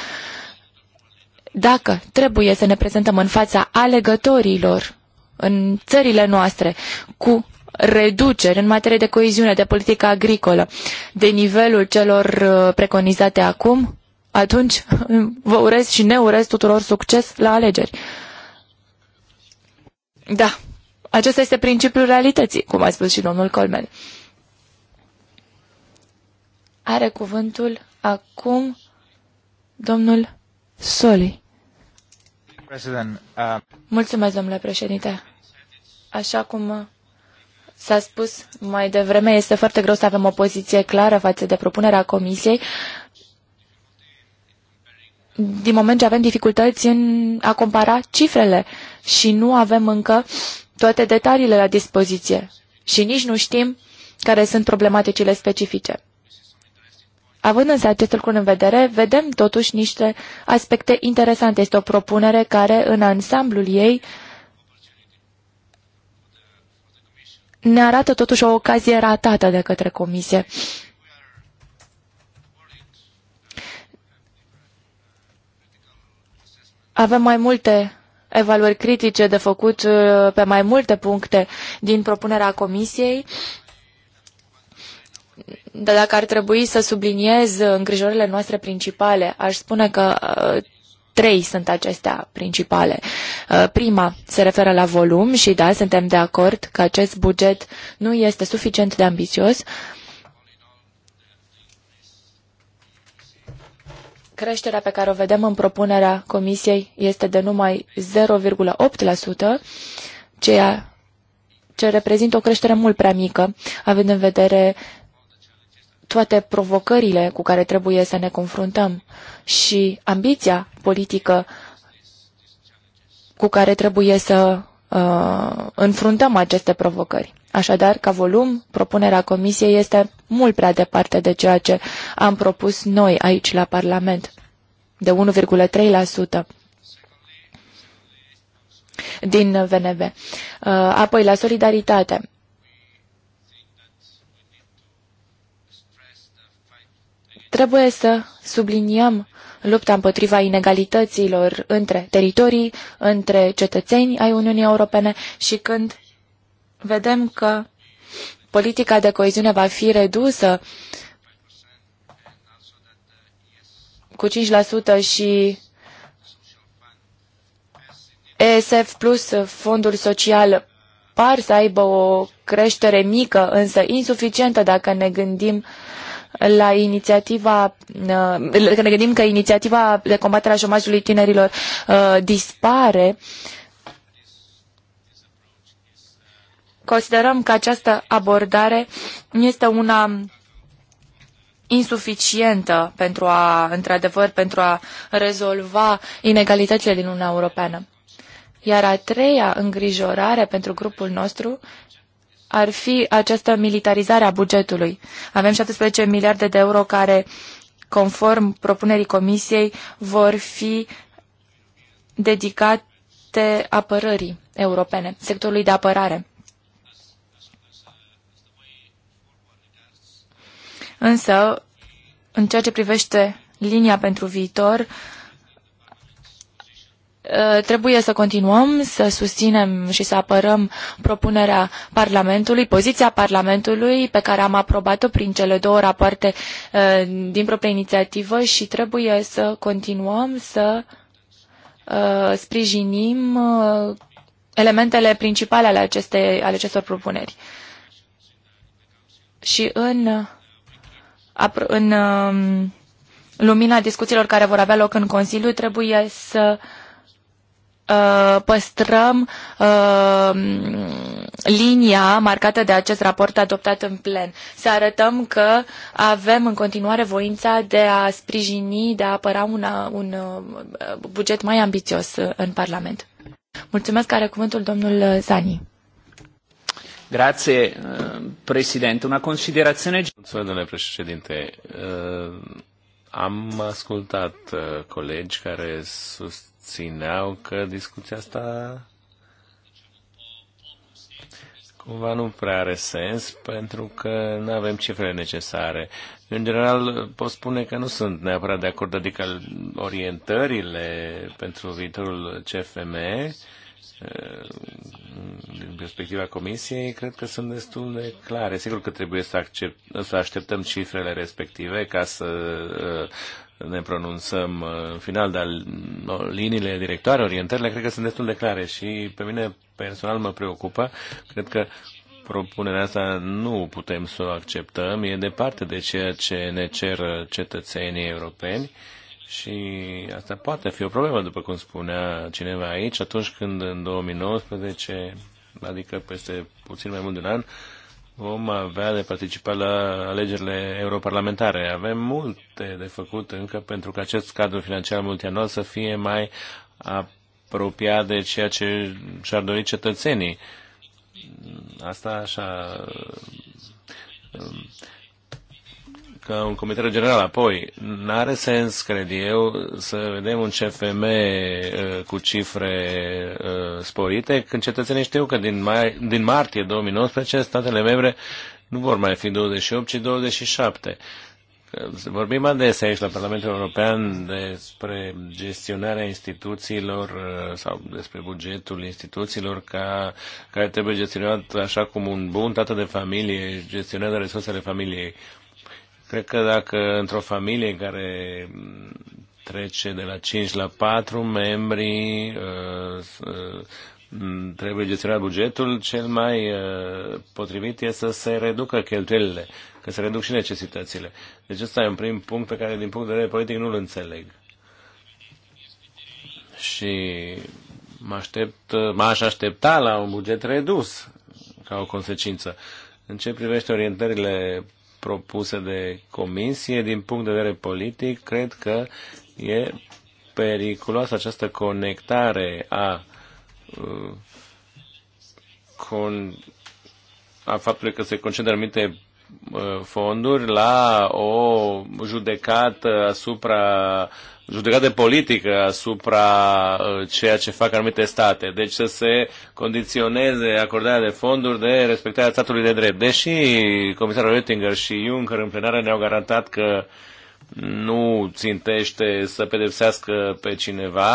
dacă trebuie să ne prezentăm în fața alegătorilor în țările noastre cu reduceri în materie de coeziune, de politică agricolă, de nivelul celor uh, preconizate acum, atunci vă urez și ne urez tuturor succes la alegeri. Da, acesta este principiul realității, cum a spus și domnul Colmen. Are cuvântul acum domnul Soli. Uh, Mulțumesc, domnule președinte. Așa cum s-a spus mai devreme, este foarte greu să avem o poziție clară față de propunerea Comisiei, din moment ce avem dificultăți în a compara cifrele și nu avem încă toate detaliile la dispoziție și nici nu știm care sunt problematicile specifice. Având însă acest lucru în vedere, vedem totuși niște aspecte interesante. Este o propunere care, în ansamblul ei, ne arată totuși o ocazie ratată de către Comisie. Avem mai multe evaluări critice de făcut uh, pe mai multe puncte din propunerea Comisiei dar dacă ar trebui să subliniez îngrijorările noastre principale, aș spune că uh, trei sunt acestea principale. Uh, prima se referă la volum și da, suntem de acord că acest buget nu este suficient de ambițios. Creșterea pe care o vedem în propunerea Comisiei este de numai 0,8%, ceea ce reprezintă o creștere mult prea mică, având în vedere toate provocările cu care trebuie să ne confruntăm și ambiția politică cu care trebuie să uh, înfruntăm aceste provocări. Așadar, ca volum, propunerea Comisiei este mult prea departe de ceea ce am propus noi aici la Parlament, de 1,3% din Uh, Apoi, la solidaritate. Trebuie să subliniem lupta împotriva inegalităților între teritorii, între cetățeni ai Uniunii Europene și când vedem că politica de coeziune va fi redusă cu 5% și ESF plus fondul social par să aibă o creștere mică, însă insuficientă dacă ne gândim uh, la inițiativa, uh, când ne gândim că inițiativa de combatere a șomajului tinerilor uh, dispare, considerăm că această abordare este una insuficientă pentru a, într-adevăr, pentru a rezolva inegalitățile din Uniunea Europeană. Iar a treia îngrijorare pentru grupul nostru ar fi această militarizare a bugetului. Avem 17 miliarde de euro care, conform propunerii Comisiei, vor fi dedicate apărării europene, sectorului de apărare. Însă, în ceea ce privește linia pentru viitor, uh, Uh, trebuie să continuăm să susținem și să apărăm propunerea Parlamentului, poziția Parlamentului pe care am aprobat-o prin cele două rapoarte uh, din propria inițiativă și trebuie să continuăm să uh, sprijinim elementele principale ale, aceste, ale acestor propuneri. Și în, în um, lumina discuțiilor care vor avea loc în Consiliu, trebuie să uh, Uh, păstrăm uh, linia marcată de acest raport adoptat în plen. Să arătăm că avem în continuare voința de a sprijini, de a apăra un, un uh, buget mai ambițios uh, în Parlament. Mulțumesc, are cuvântul domnul Zani. Grazie, președinte. Una considerație. Mulțumesc, domnule președinte. Am ascultat colegi care sus țineau că discuția asta cumva nu prea are sens pentru că nu avem cifrele necesare. În general, pot spune că nu sunt neapărat de acord, adică orientările pentru viitorul CFM eh, din perspectiva Comisiei, cred că sunt destul de clare. Sigur că trebuie să, accept, să așteptăm cifrele respective ca să eh, ne pronunțăm uh, în final, dar liniile directoare, orientările, cred că sunt destul de clare și pe mine personal mă preocupă. Cred că propunerea asta nu putem să o acceptăm, e departe de ceea ce ne cer cetățenii europeni și asta poate fi o problemă, după cum spunea cineva aici, atunci când în 2019, adică peste puțin mai mult de un an, vom avea de participat la alegerile europarlamentare. Avem multe de făcut încă pentru că acest cadru financiar multianual să fie mai apropiat de ceea ce și-ar dori cetățenii. Asta așa ca un comitet general. Apoi, n-are sens, cred eu, să vedem un CFM uh, cu cifre uh, sporite, când cetățenii știu că din, mai, din martie 2019 statele membre nu vor mai fi 28, ci 27. Uh, vorbim adesea aici la Parlamentul European despre gestionarea instituțiilor sau despre bugetul instituțiilor ca, care trebuie gestionat așa cum un bun tată de familie gestionează resursele familiei. Cred că dacă într-o familie care trece de la 5 la 4 membri, uh, uh, trebuie gestionat bugetul, cel mai uh, potrivit este să se reducă cheltuielile, că se reduc și necesitățile. Deci ăsta e un prim punct pe care din punct de vedere politic nu-l înțeleg. Și mă aștept, m-aș aștepta la un buget redus ca o consecință. În ce privește orientările propusă de comisie, din punct de vedere politic, cred că e periculoasă această conectare a uh, con, a faptului că se concedă anumite uh, fonduri la o judecată asupra judecată politică asupra uh, ceea ce fac anumite state. Deci să se condiționeze acordarea de fonduri de respectarea statului de drept. Deși comisarul Oettinger și Juncker în plenară ne-au garantat că nu țintește să pedepsească pe cineva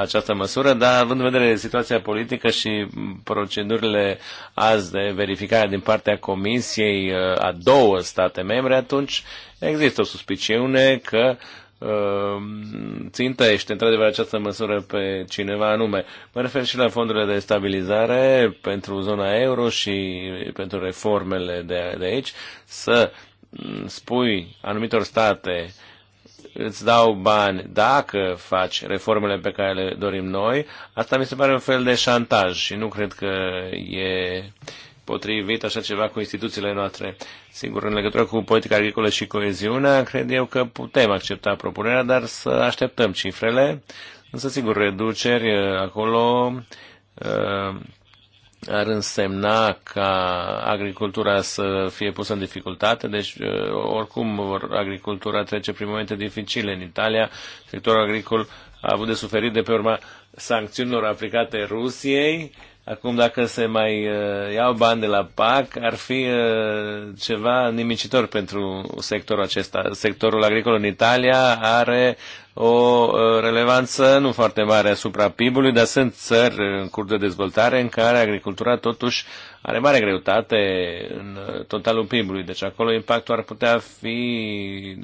această măsură, dar având în vedere situația politică și procedurile azi de verificare din partea Comisiei uh, a două state membre, atunci există o suspiciune că Ehm, țintește într-adevăr această măsură pe cineva anume. Mă refer și la fondurile de stabilizare pentru zona euro și pentru reformele de, de aici, să mm, spui anumitor state îți dau bani dacă faci reformele pe care le dorim noi, asta mi se pare un fel de șantaj și nu cred că e potrivit așa ceva cu instituțiile noastre. Sigur, în legătură cu politica agricolă și coeziunea, cred eu că putem accepta propunerea, dar să așteptăm cifrele. Însă, sigur, reduceri uh, acolo uh, ar însemna ca agricultura să fie pusă în dificultate, deci uh, oricum agricultura trece prin momente dificile în Italia, sectorul agricol a avut de suferit de pe urma sancțiunilor aplicate Rusiei, Acum, dacă se mai uh, iau bani de la PAC, ar fi uh, ceva nimicitor pentru sectorul acesta. Sectorul agricol în Italia are o uh, relevanță nu foarte mare asupra PIB-ului, dar sunt țări în curs de dezvoltare în care agricultura totuși are mare greutate în uh, totalul PIB-ului. Deci acolo impactul ar putea fi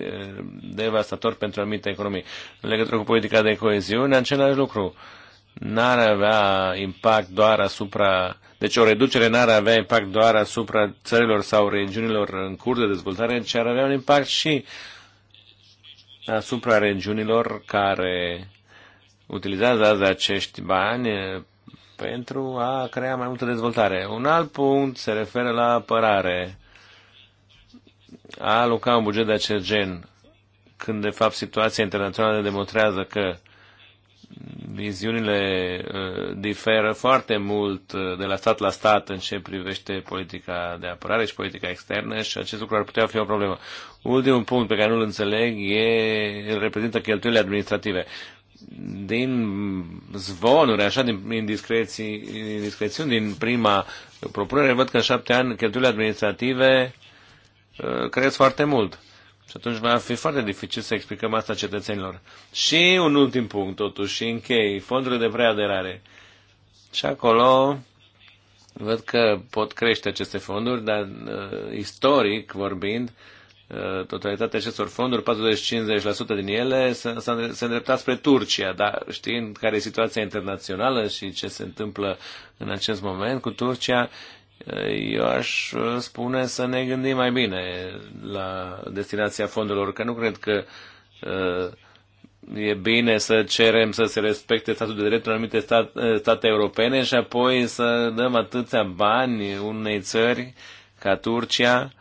uh, devastator pentru anumite economii. În legătură cu politica de coeziune, același lucru. Uh, n-ar avea impact doar asupra, deci o reducere n-ar avea impact doar asupra țărilor sau regiunilor în curs de dezvoltare, ci ar avea un impact și asupra regiunilor care utilizează azi acești bani pentru a crea mai multă dezvoltare. Un alt punct se referă la apărare. A aloca un buget de acest gen, când de fapt situația internațională demonstrează că viziunile uh, diferă foarte mult uh, de la stat la stat în ce privește politica de apărare și politica externă și acest lucru ar putea fi o problemă. Ultimul punct pe care nu-l înțeleg e, îl reprezintă cheltuielile administrative. Din zvonuri, așa, din indiscreții, indiscrețiuni, din prima propunere, văd că în șapte ani cheltuielile administrative uh, cresc foarte mult. Și atunci va fi foarte dificil să explicăm asta cetățenilor. Și un ultim punct, totuși, și închei, fondurile de preaderare. Și acolo văd că pot crește aceste fonduri, dar uh, istoric vorbind, uh, totalitatea acestor fonduri, 40-50% din ele, se, îndrepta spre Turcia, dar știind care e situația internațională și ce se întâmplă în acest moment cu Turcia, eu aș uh, spune să ne gândim mai bine la destinația fondurilor, că nu cred că uh, e bine să cerem să se respecte statul de drept în anumite stat, uh, state europene și apoi să dăm atâția bani unei țări ca Turcia,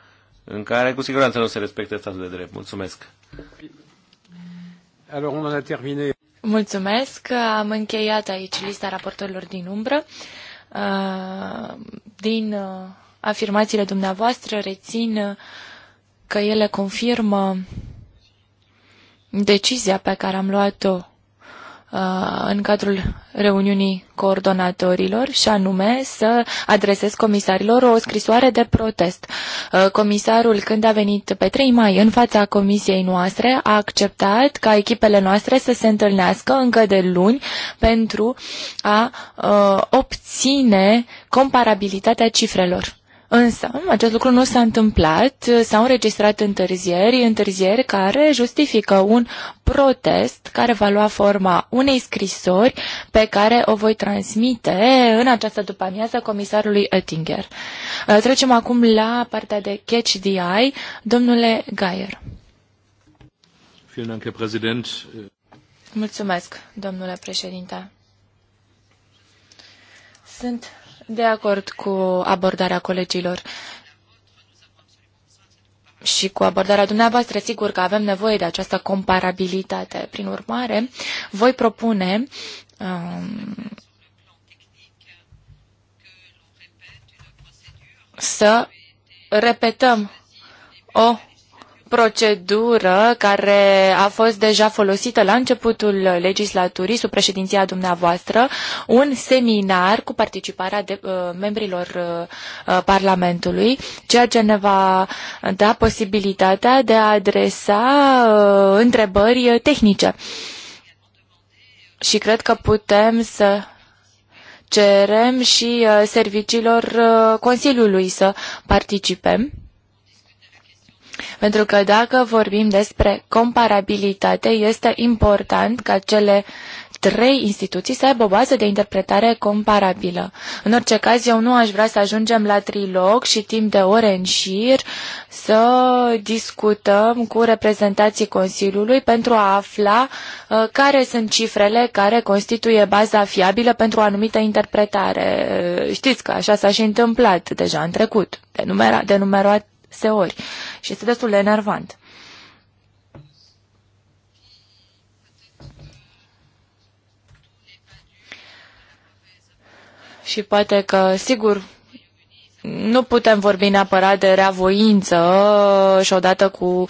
în care cu siguranță nu se respectă statul de drept. Mulțumesc! Alors, on a terminé. Mulțumesc! Am încheiat aici lista raportorilor din umbră. Uh, din uh, afirmațiile dumneavoastră rețin uh, că ele confirmă decizia pe care am luat-o Uh, în cadrul reuniunii coordonatorilor și anume să adresez comisarilor o scrisoare de protest. Uh, comisarul, când a venit pe 3 mai în fața comisiei noastre, a acceptat ca echipele noastre să se întâlnească încă de luni pentru a uh, obține comparabilitatea cifrelor. Însă, acest lucru nu s-a întâmplat, s-au înregistrat întârzieri, întârzieri care justifică un protest care va lua forma unei scrisori pe care o voi transmite în această după-amiază comisarului Oettinger. Uh, trecem acum la partea de Catch the Eye. Domnule Gaier. Mulțumesc, domnule președinte. Sunt de acord cu abordarea colegilor și cu abordarea dumneavoastră, sigur că avem nevoie de această comparabilitate. Prin urmare, voi propune um, să repetăm o procedură care a fost deja folosită la începutul legislaturii sub președinția dumneavoastră, un seminar cu participarea de, uh, membrilor uh, uh, Parlamentului, ceea ce ne va da posibilitatea de a adresa uh, întrebări tehnice. Și cred că putem să cerem și uh, serviciilor uh, Consiliului să participe pentru că dacă vorbim despre comparabilitate, este important ca cele trei instituții să aibă o bază de interpretare comparabilă. În orice caz, eu nu aș vrea să ajungem la trilog și timp de ore în șir să discutăm cu reprezentații Consiliului pentru a afla uh, care sunt cifrele care constituie baza fiabilă pentru o anumită interpretare. Uh, știți că așa s-a și întâmplat deja în trecut, de, numera, de numeroate 6 ori și este destul de enervant. Și poate că, sigur, nu putem vorbi neapărat de reavoință și odată cu uh,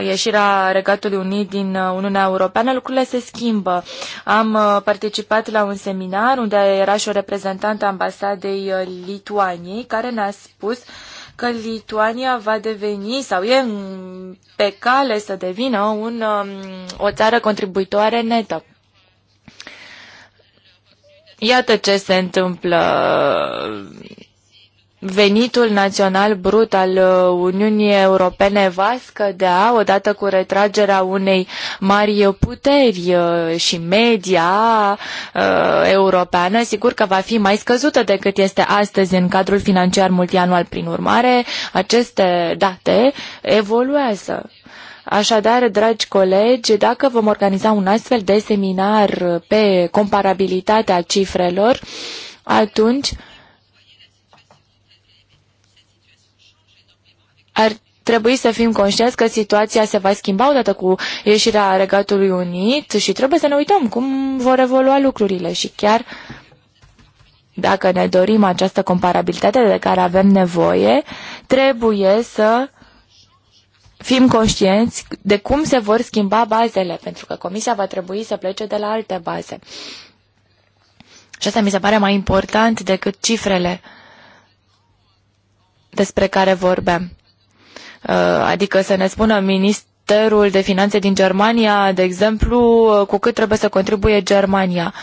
ieșirea Regatului Unit din uh, Uniunea Europeană, lucrurile se schimbă. Am uh, participat la un seminar unde era și o reprezentantă ambasadei Lituaniei care ne-a spus uh, că Lituania va deveni sau e pe cale să devină un, um, o țară contribuitoare netă. Iată ce se întâmplă venitul național brut al uh, Uniunii Europene va scădea odată cu retragerea unei mari puteri uh, și media uh, europeană, sigur că va fi mai scăzută decât este astăzi în cadrul financiar multianual. Prin urmare, aceste date evoluează. Așadar, dragi colegi, dacă vom organiza un astfel de seminar pe comparabilitatea cifrelor, atunci ar trebui să fim conștienți că situația se va schimba odată cu ieșirea Regatului Unit și trebuie să ne uităm cum vor evolua lucrurile și chiar dacă ne dorim această comparabilitate de care avem nevoie, trebuie să fim conștienți de cum se vor schimba bazele, pentru că comisia va trebui să plece de la alte baze. Și asta mi se pare mai important decât cifrele despre care vorbeam. Uh, adică să ne spună minist- Ministerul de Finanțe din Germania, de exemplu, cu cât trebuie să contribuie Germania.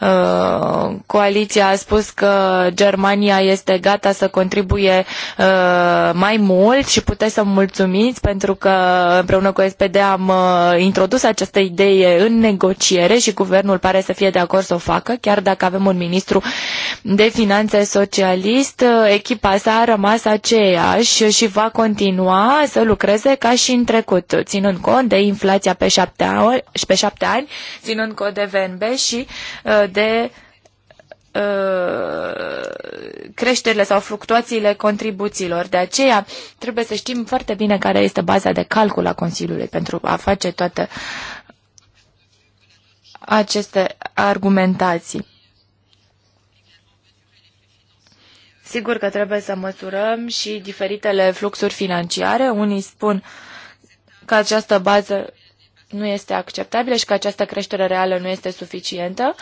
Uh, coaliția a spus că Germania este gata să contribuie uh, mai mult și puteți să mulțumiți pentru că împreună cu SPD am uh, introdus această idee în negociere și guvernul pare să fie de acord să o facă, chiar dacă avem un ministru de finanțe socialist, echipa sa a rămas aceeași și va continua să lucreze ca și în trecut ținând cont de inflația pe șapte, ori, pe șapte ani, ținând cont de VNB și uh, de uh, creșterile sau fluctuațiile contribuțiilor. De aceea trebuie să știm foarte bine care este baza de calcul a Consiliului pentru a face toate aceste argumentații. Sigur că trebuie să măsurăm și diferitele fluxuri financiare. Unii spun uh, că această bază nu este acceptabilă și că această creștere reală nu este suficientă.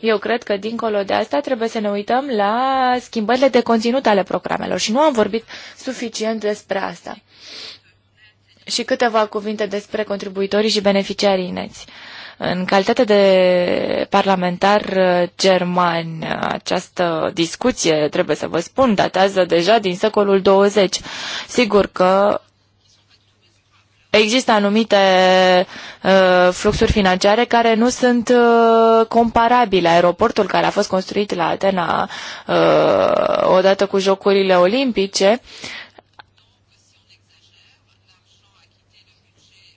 Eu cred că, dincolo de asta, trebuie să ne uităm la schimbările de conținut ale programelor și nu am vorbit suficient despre asta. Și câteva cuvinte despre contribuitorii și beneficiarii neți. În calitate de parlamentar uh, german, uh, această discuție, trebuie să vă spun, datează deja din secolul 20. Sigur că există anumite uh, fluxuri financiare care nu sunt uh, comparabile. Aeroportul care a fost construit la Atena uh, odată cu Jocurile Olimpice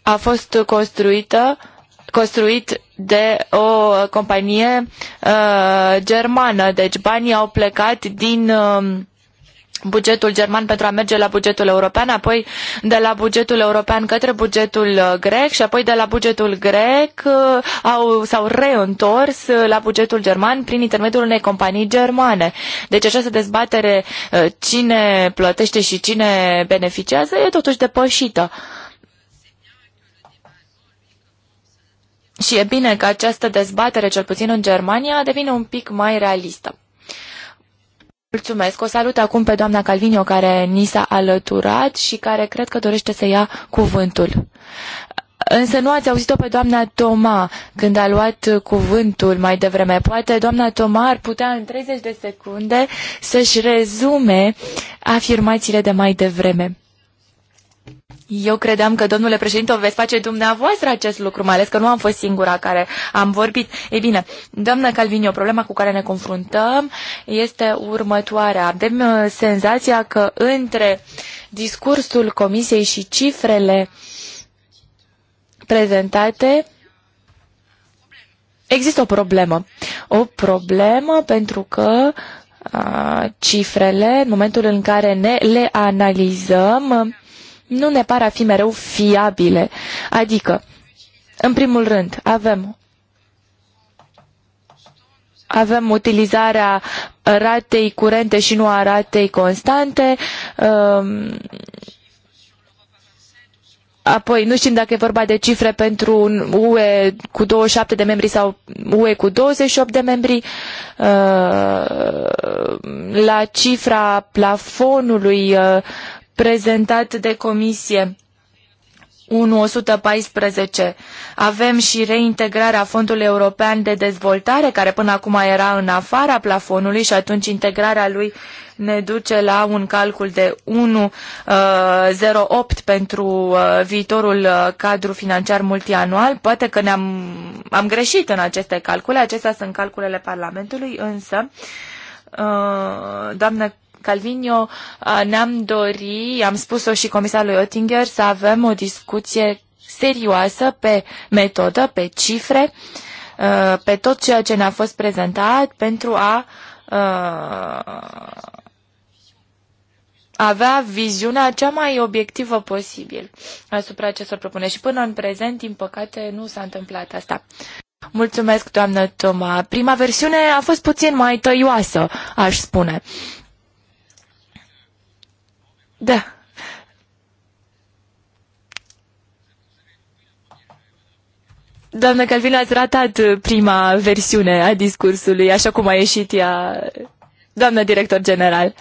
a fost construită construit de o companie uh, germană. Deci banii au plecat din uh, bugetul german pentru a merge la bugetul european, apoi de la bugetul european către bugetul uh, grec și apoi de la bugetul grec uh, au, s-au reîntors uh, la bugetul german prin intermediul unei companii germane. Deci această dezbatere cine plătește și cine beneficiază e totuși depășită. Și e bine că această dezbatere, cel puțin în Germania, devine un pic mai realistă. Mulțumesc. O salut acum pe doamna Calvinio care ni s-a alăturat și care cred că dorește să ia cuvântul. Însă nu ați auzit-o pe doamna Toma când a luat cuvântul mai devreme. Poate doamna Toma ar putea în 30 de secunde să-și rezume afirmațiile de mai devreme. Eu credeam că, domnule președinte, o veți face dumneavoastră acest lucru, mai ales că nu am fost singura care am vorbit. Ei bine, doamnă Calvinio, problema cu care ne confruntăm este următoarea. Avem uh, senzația că între discursul comisiei și cifrele prezentate există o problemă. O problemă pentru că uh, cifrele, în momentul în care ne le analizăm, nu ne par a fi mereu fiabile. Adică, în primul rând, avem avem utilizarea ratei curente și nu a ratei constante. Um, apoi, nu știm dacă e vorba de cifre pentru un UE cu 27 de membri sau UE cu 28 de membri. Uh, la cifra plafonului uh, prezentat de comisie 1114. Avem și reintegrarea Fondului European de Dezvoltare, care până acum era în afara plafonului și atunci integrarea lui ne duce la un calcul de 1,08 uh, pentru uh, viitorul uh, cadru financiar multianual. Poate că ne-am am greșit în aceste calcule, acestea sunt calculele Parlamentului, însă, doamnă Calvinio, ne-am dori, am spus-o și comisarului Oettinger, să avem o discuție serioasă pe metodă, pe cifre, pe tot ceea ce ne-a fost prezentat pentru a avea viziunea cea mai obiectivă posibil asupra acestor propuneri. Și până în prezent, din păcate, nu s-a întâmplat asta. Mulțumesc, doamnă Toma. Prima versiune a fost puțin mai tăioasă, aș spune. Uh, da. Doamnă Calvin, ați ratat prima versiune a discursului, așa cum a ieșit ea, doamnă director general.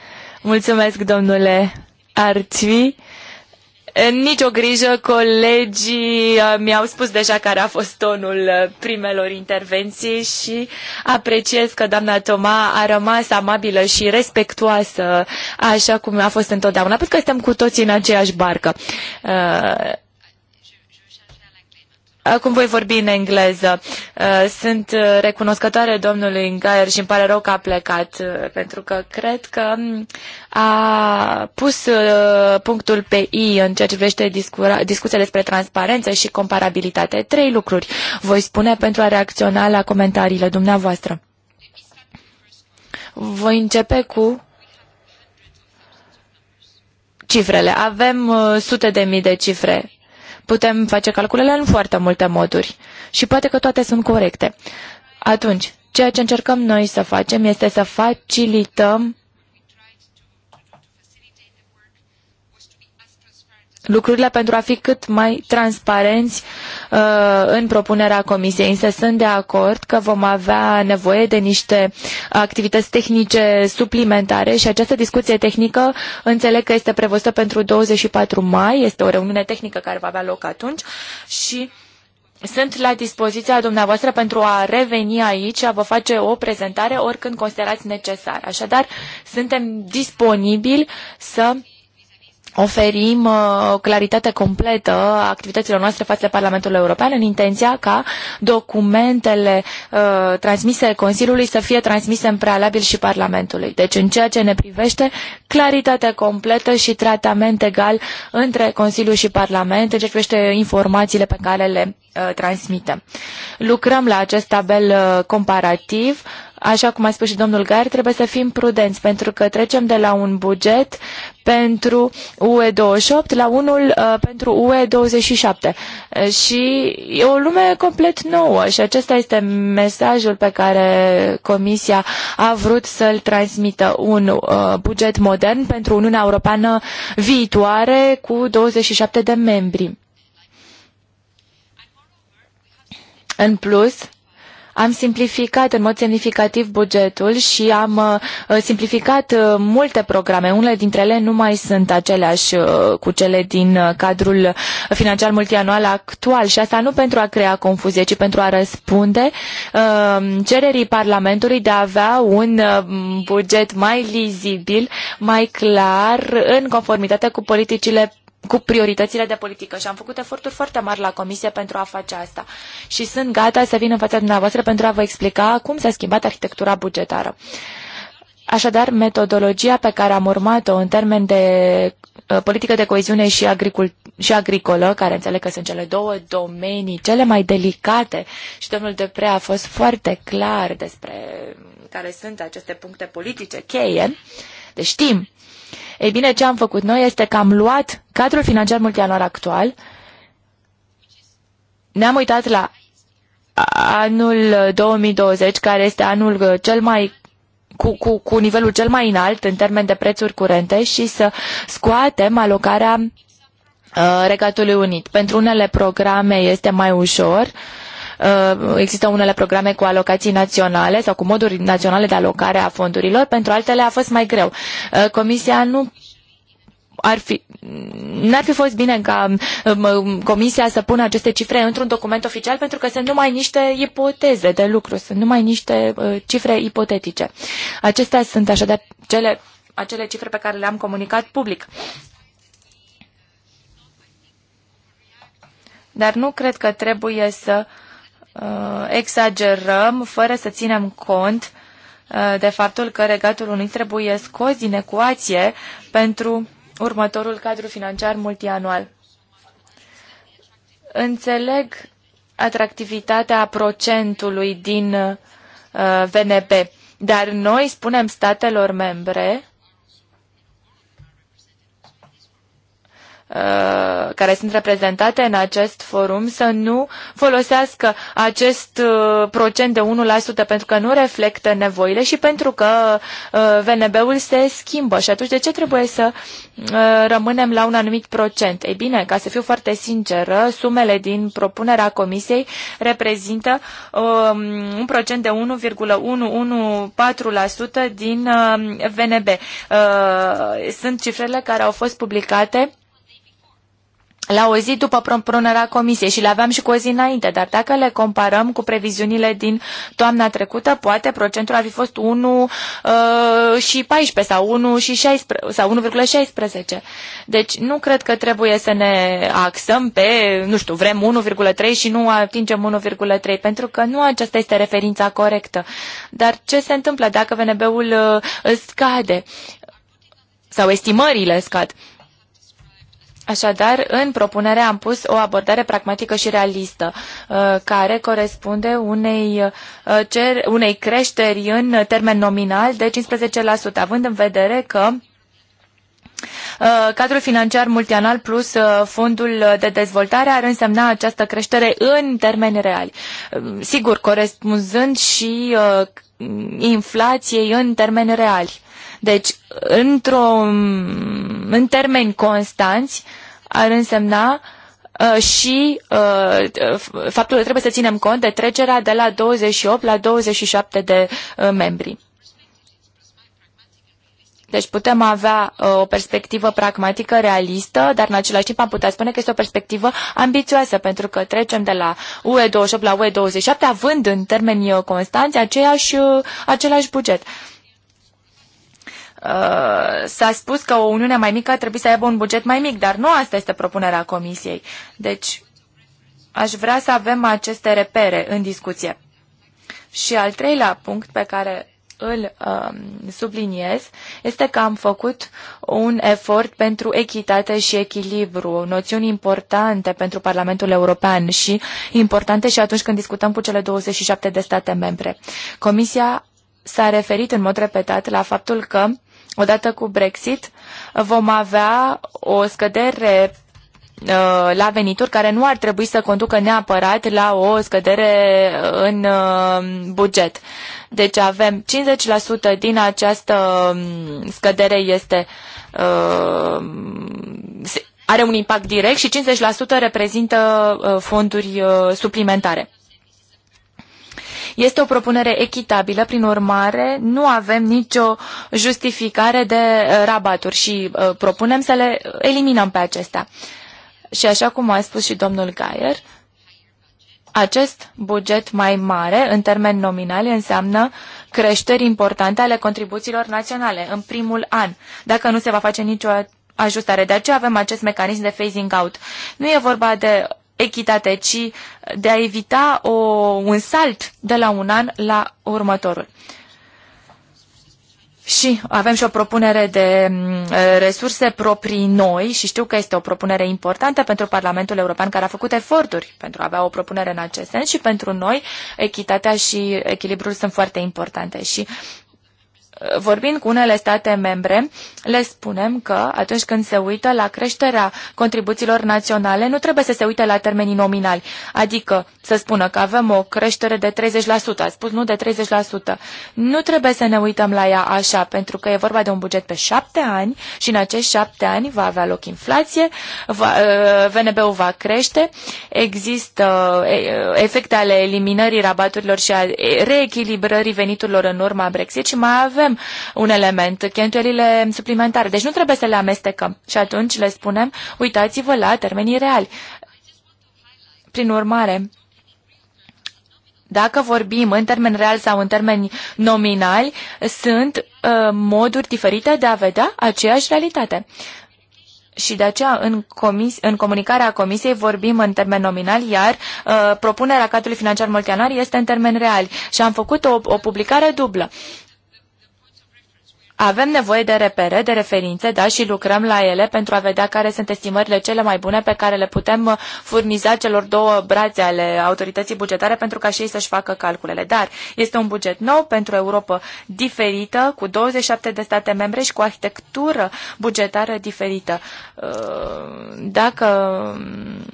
Mulțumesc, domnule Arțvi. Nicio grijă, colegii uh, mi-au spus deja care a fost tonul uh, primelor intervenții și apreciez că doamna Toma a rămas amabilă și respectuoasă, așa cum a fost întotdeauna, pentru că suntem cu toții în aceeași barcă. Uh, Acum voi vorbi în engleză. Uh, sunt uh, recunoscătoare domnului Gaier și îmi pare rău că a plecat, uh, pentru că cred că um, a pus punctul pe I în ceea ce privește discuția despre transparență și comparabilitate. Trei lucruri voi spune pentru a reacționa la comentariile dumneavoastră. Voi începe cu cifrele. Avem sute de mii de cifre Putem face calculele în foarte multe moduri și poate că toate sunt corecte. Atunci, ceea ce încercăm noi să facem este să facilităm lucrurile pentru a fi cât mai transparenți uh, în propunerea comisiei. Însă sunt de acord că vom avea nevoie de niște activități tehnice suplimentare și această discuție tehnică înțeleg că este prevăzută pentru 24 mai, este o reuniune tehnică care va avea loc atunci și sunt la dispoziția dumneavoastră pentru a reveni aici, a vă face o prezentare oricând considerați necesar. Așadar, suntem disponibili să oferim uh, o claritate completă a activităților noastre față de Parlamentul European în intenția ca documentele uh, transmise Consiliului să fie transmise în prealabil și Parlamentului. Deci în ceea ce ne privește, claritate completă și tratament egal între Consiliu și Parlament în ceea ce privește informațiile pe care le uh, transmitem. Lucrăm la acest tabel comparativ așa cum a spus și domnul Gar, trebuie să fim prudenți, pentru că trecem de la un buget pentru UE28 la unul uh, pentru UE27. Uh, și e o lume complet nouă și acesta este mesajul pe care Comisia a vrut să-l transmită. Un uh, buget modern pentru Uniunea Europeană viitoare cu 27 de membri. În plus, am simplificat în mod semnificativ bugetul și am uh, uh, simplificat uh, multe programe. Unele dintre ele nu mai sunt aceleași cu cele din cadrul financiar multianual actual și asta nu pentru a crea confuzie, ci pentru a răspunde cererii Parlamentului de a avea un buget mai lizibil, mai clar, în conformitate cu politicile cu prioritățile de politică și am făcut eforturi foarte mari la comisie pentru a face asta. Și sunt gata să vin în fața dumneavoastră pentru a vă explica cum s-a schimbat arhitectura bugetară. Așadar, metodologia pe care am urmat-o în termen de uh, politică de coeziune și, agricul, și agricolă, care înțeleg că sunt cele două domenii cele mai delicate și domnul Deprea a fost foarte clar despre care sunt aceste puncte politice cheie, deci știm ei bine, ce am făcut noi este că am luat cadrul financiar multianual actual, ne-am uitat la anul 2020, care este anul uh, cel mai cu, cu, cu nivelul cel mai înalt în termen de prețuri curente și să scoatem alocarea uh, Regatului Unit. Pentru unele programe este mai ușor, uh, Uh, există unele programe cu alocații naționale sau cu moduri naționale de alocare a fondurilor, pentru altele a fost mai greu. Uh, comisia nu ar fi, n-ar fi fost bine ca um, um, comisia să pună aceste cifre într-un document oficial pentru că sunt numai niște ipoteze de lucru, sunt numai niște uh, cifre ipotetice. Acestea sunt așa de cele, acele cifre pe care le-am comunicat public. Dar nu cred că trebuie să uh, Uh, exagerăm fără să ținem cont uh, de faptul că Regatul unui trebuie scos din ecuație pentru următorul cadru financiar multianual. Înțeleg atractivitatea procentului din uh, VNB, dar noi spunem statelor membre Uh, care sunt reprezentate în acest forum să nu folosească acest uh, procent de 1% pentru că nu reflectă nevoile și pentru că uh, VNB-ul se schimbă. Și atunci de ce trebuie să rămânem la un anumit procent? Ei bine, ca să fiu foarte sinceră, sumele din propunerea Comisiei reprezintă um, un procent de 1,114% din VNB. Sunt cifrele care au fost publicate la o zi după propunerea comisiei și le aveam și cu o zi înainte, dar dacă le comparăm cu previziunile din toamna trecută, poate procentul ar fi fost 1 uh, și 14 sau 1 și 16, sau 1,16. Deci nu cred că trebuie să ne axăm pe, nu știu, vrem 1,3 și nu atingem 1,3, pentru că nu aceasta este referința corectă. Dar ce se întâmplă dacă VNB-ul uh, scade sau estimările scad? Așadar, în propunere am pus o abordare pragmatică și realistă, uh, care corespunde unei, uh, cer, unei creșteri în termen nominal de 15%, având în vedere că uh, Cadrul financiar multianual plus fondul de dezvoltare ar însemna această creștere în termeni reali. Sigur, corespunzând și inflației în termeni reali. Deci, într-o, în termeni constanți, ar însemna uh, și uh, faptul că trebuie să ținem cont de trecerea de la 28 la 27 de uh, membri. Deci putem avea uh, o perspectivă pragmatică, realistă, dar în același timp am putea spune că este o perspectivă ambițioasă, pentru că trecem de la UE28 la UE27, având în termeni uh, constanți aceeași, uh, același buget. Uh, Uh, s-a spus că o Uniune mai mică trebuie să aibă un buget mai mic, dar nu asta este propunerea Comisiei. Deci aș vrea să avem aceste repere în discuție. Și al treilea punct pe care îl um, subliniez este că am făcut un efort pentru echitate și echilibru, noțiuni importante pentru Parlamentul European și importante și atunci când discutăm cu cele 27 de state membre. Comisia s-a referit în mod repetat la faptul că odată cu Brexit vom avea o scădere uh, la venituri care nu ar trebui să conducă neapărat la o scădere uh, în uh, buget. Deci avem 50% din această um, scădere este are un impact direct și 50% reprezintă fonduri suplimentare. Este o propunere echitabilă, prin urmare nu avem nicio justificare de uh, rabaturi și uh, propunem să le eliminăm pe acestea. Și așa cum a spus și domnul Gaier, acest buget mai mare, în termeni nominali, înseamnă creșteri importante ale contribuțiilor naționale în primul an, dacă nu se va face nicio ajustare. De aceea avem acest mecanism de phasing out. Nu e vorba de echitate, ci de a evita o, un salt de la un an la următorul. Și avem și o propunere de mm, resurse proprii noi și știu că este o propunere importantă pentru Parlamentul European care a făcut eforturi pentru a avea o propunere în acest sens și pentru noi echitatea și echilibrul sunt foarte importante și vorbind cu unele state membre, le spunem că atunci când se uită la creșterea contribuțiilor naționale, nu trebuie să se uite la termenii nominali, adică să spună că avem o creștere de 30%, a spus nu de 30%. Nu trebuie să ne uităm la ea așa, pentru că e vorba de un buget pe șapte ani și în acești șapte ani va avea loc inflație, va, ă, VNB-ul va crește, există efecte ale eliminării rabaturilor și a reechilibrării veniturilor în urma Brexit și mai avem avem un element, cheltuielile suplimentare. Deci nu trebuie să le amestecăm. Și atunci le spunem, uitați-vă la termenii reali. Prin urmare, dacă vorbim în termen real sau în termeni nominali, sunt uh, moduri diferite de a vedea aceeași realitate. Și de aceea în, comis- în comunicarea comisiei vorbim în termen nominal, iar uh, propunerea cadrului financiar multianar este în termen real. Și am făcut o, o publicare dublă. Uh, avem nevoie de repere, de referințe, da, și lucrăm la ele pentru a vedea care sunt estimările cele mai bune pe care le putem uh, furniza celor două brațe ale autorității bugetare pentru ca și ei să-și facă calculele. Dar este un buget nou pentru Europa diferită, cu 27 de state membre și cu arhitectură bugetară diferită. Uh, dacă mm,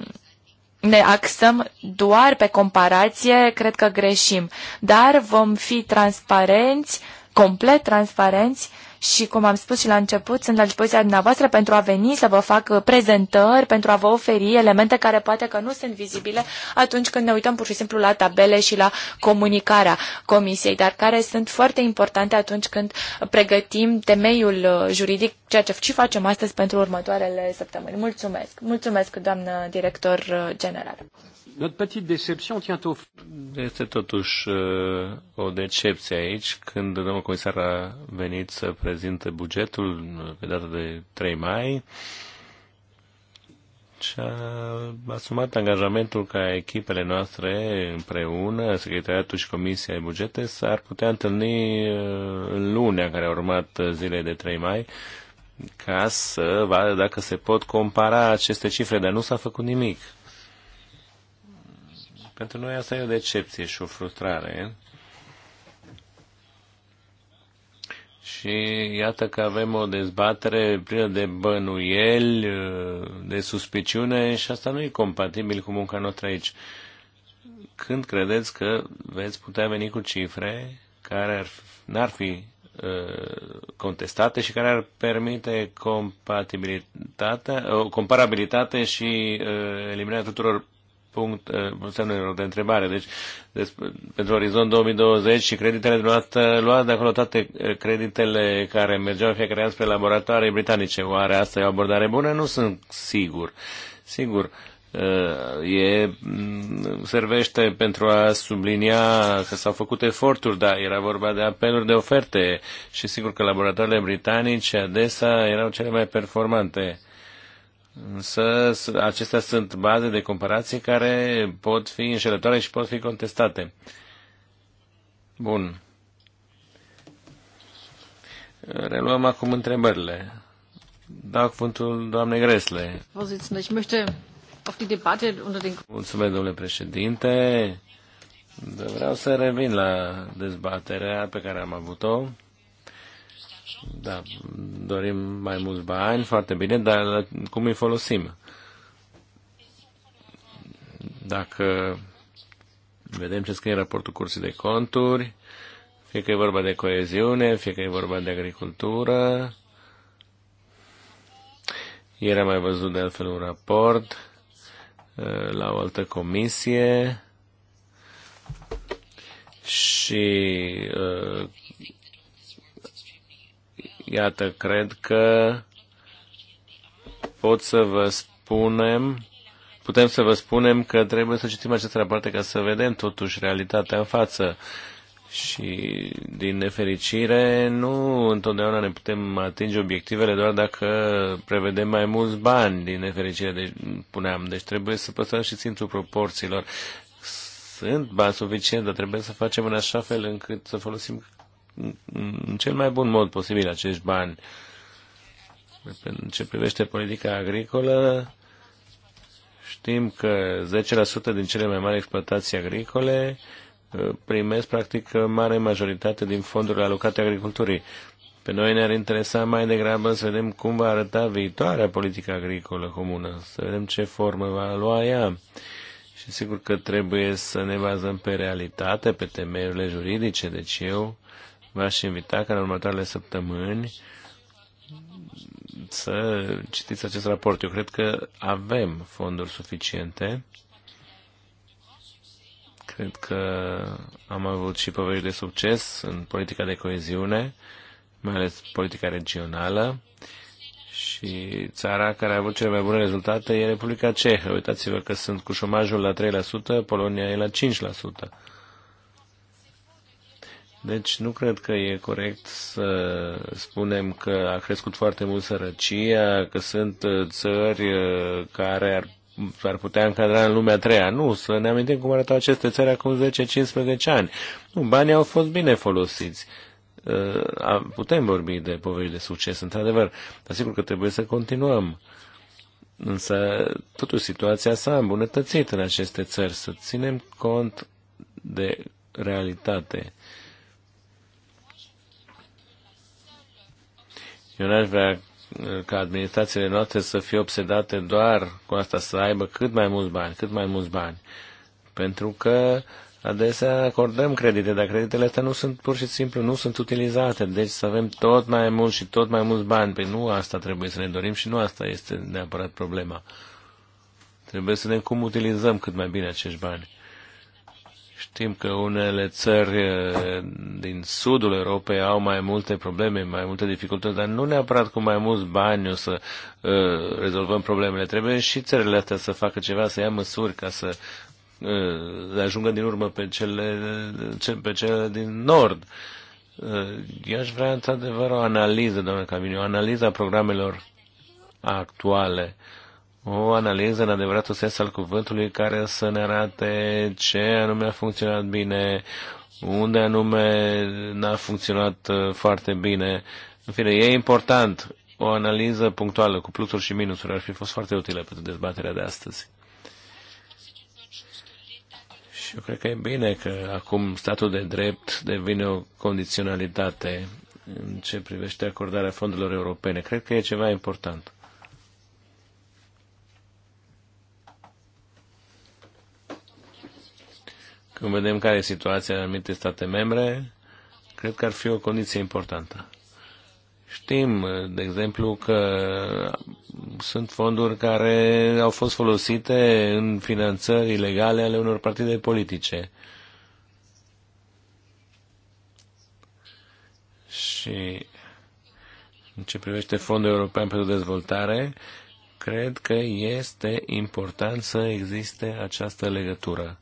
ne axăm doar pe comparație, cred că greșim. Dar vom fi transparenți complet transparenți și, cum am spus și la început, sunt la dispoziția dumneavoastră pentru a veni să vă fac uh, prezentări, pentru a vă oferi elemente care poate că nu sunt vizibile atunci când ne uităm pur și simplu la tabele și la comunicarea comisiei, dar care sunt foarte importante atunci când pregătim temeiul uh, juridic, ceea ce și facem astăzi pentru următoarele săptămâni. Mulțumesc! Mulțumesc, doamnă director uh, general! Este totuși uh, o decepție aici când domnul comisar a venit să prezinte bugetul uh, pe data de 3 mai și a asumat angajamentul ca echipele noastre împreună, Secretariatul și Comisia de Bugete, s-ar putea întâlni uh, în lunea care a urmat zilei de 3 mai ca să vadă dacă se pot compara aceste cifre, dar nu s-a făcut nimic. Pentru noi asta e o decepție și o frustrare. Și iată că avem o dezbatere plină de bănuieli, de suspiciune și asta nu e compatibil cu munca noastră aici. Când credeți că veți putea veni cu cifre care ar, n-ar fi ă, contestate și care ar permite compatibilitatea, comparabilitate și ă, eliminarea tuturor punct, eh, semnelor de întrebare. Deci, pentru Orizont 2020 și creditele dumneavoastră, luați de acolo toate eh, creditele care mergeau în fiecare an spre laboratoare britanice. Oare asta e o abordare bună? Nu sunt sigur. Sigur, eh, e, mm, servește pentru a sublinia că s-au făcut eforturi, dar era vorba de apeluri de oferte și sigur că laboratoarele britanice adesea erau cele mai performante Însă acestea sunt baze de comparație care pot fi înșelătoare și pot fi contestate. Bun. Reluăm acum întrebările. Dau cuvântul doamnei Gresle. Mulțumesc, domnule președinte. Vreau să revin la dezbaterea pe care am avut-o da, dorim mai mulți bani, foarte bine, dar cum îi folosim? Dacă vedem ce scrie raportul cursului de conturi, fie că e vorba de coeziune, fie că e vorba de agricultură, ieri am mai văzut de altfel un raport eh, la o altă comisie și eh, iată, cred că pot să vă spunem, putem să vă spunem că trebuie să citim această rapoarte ca să vedem totuși realitatea în față. Și, din nefericire, nu întotdeauna ne putem atinge obiectivele doar dacă prevedem mai mulți bani, din nefericire, deci, puneam. Deci trebuie să păstrăm și simțul proporțiilor. Sunt bani suficient, dar trebuie să facem în așa fel încât să folosim în cel mai bun mod posibil acești bani. În ce privește politica agricolă, știm că 10% din cele mai mari exploatații agricole uh, primesc practic mare majoritate din fondurile alocate agriculturii. Pe noi ne-ar interesa mai degrabă să vedem cum va arăta viitoarea politică agricolă comună, să vedem ce formă va lua ea. Și sigur că trebuie să ne bazăm pe realitate, pe temeiurile juridice, deci eu v-aș invita ca în următoarele săptămâni să citiți acest raport. Eu cred că avem fonduri suficiente. Cred că am avut și povești de succes în politica de coeziune, mai ales politica regională. Și țara care a avut cele mai bune rezultate e Republica Cehă. Uitați-vă că sunt cu șomajul la 3%, Polonia e la 5%. Deci nu cred că e corect să spunem că a crescut foarte mult sărăcia, că sunt uh, țări uh, care ar, ar putea încadra în lumea treia. Nu, să ne amintim cum arătau aceste țări acum 10-15 ani. Nu, banii au fost bine folosiți. Uh, putem vorbi de povești de succes, într-adevăr, dar sigur că trebuie să continuăm. Însă, totuși, situația s-a îmbunătățit în aceste țări. Să ținem cont de realitate. Eu n-aș vrea uh, ca administrațiile noastre să fie obsedate doar cu asta, să aibă cât mai mulți bani, cât mai mulți bani. Pentru că adesea acordăm credite, dar creditele astea nu sunt pur și simplu, nu sunt utilizate. Deci să avem tot mai mult și tot mai mulți bani. Păi nu asta trebuie să ne dorim și nu asta este neapărat problema. Trebuie să ne cum utilizăm cât mai bine acești bani. Știm că unele țări eh, din sudul Europei au mai multe probleme, mai multe dificultăți, dar nu neapărat cu mai mulți bani o să uh, rezolvăm problemele. Trebuie și țările astea să facă ceva, să ia măsuri ca să uh, ajungă din urmă pe cele, pe cele din nord. Uh, eu aș vrea într-adevăr o analiză, doamne Camini, o analiză a programelor actuale. Uh, o analiză în adevăratul sens al cuvântului care să ne arate ce anume a funcționat bine, unde anume n-a funcționat uh, foarte bine. În fine, e important o analiză punctuală cu plusuri și minusuri. Ar fi fost foarte utilă pentru dezbaterea de astăzi. Și eu cred că e bine că acum statul de drept devine o condiționalitate în ce privește acordarea fondurilor europene. Cred că e ceva important. Când vedem care e situația în anumite state membre, cred că ar fi o condiție importantă. Știm, de exemplu, că sunt fonduri care au fost folosite în finanțări ilegale ale unor partide politice. Și în ce privește Fondul European pentru Dezvoltare, cred că este important să existe această legătură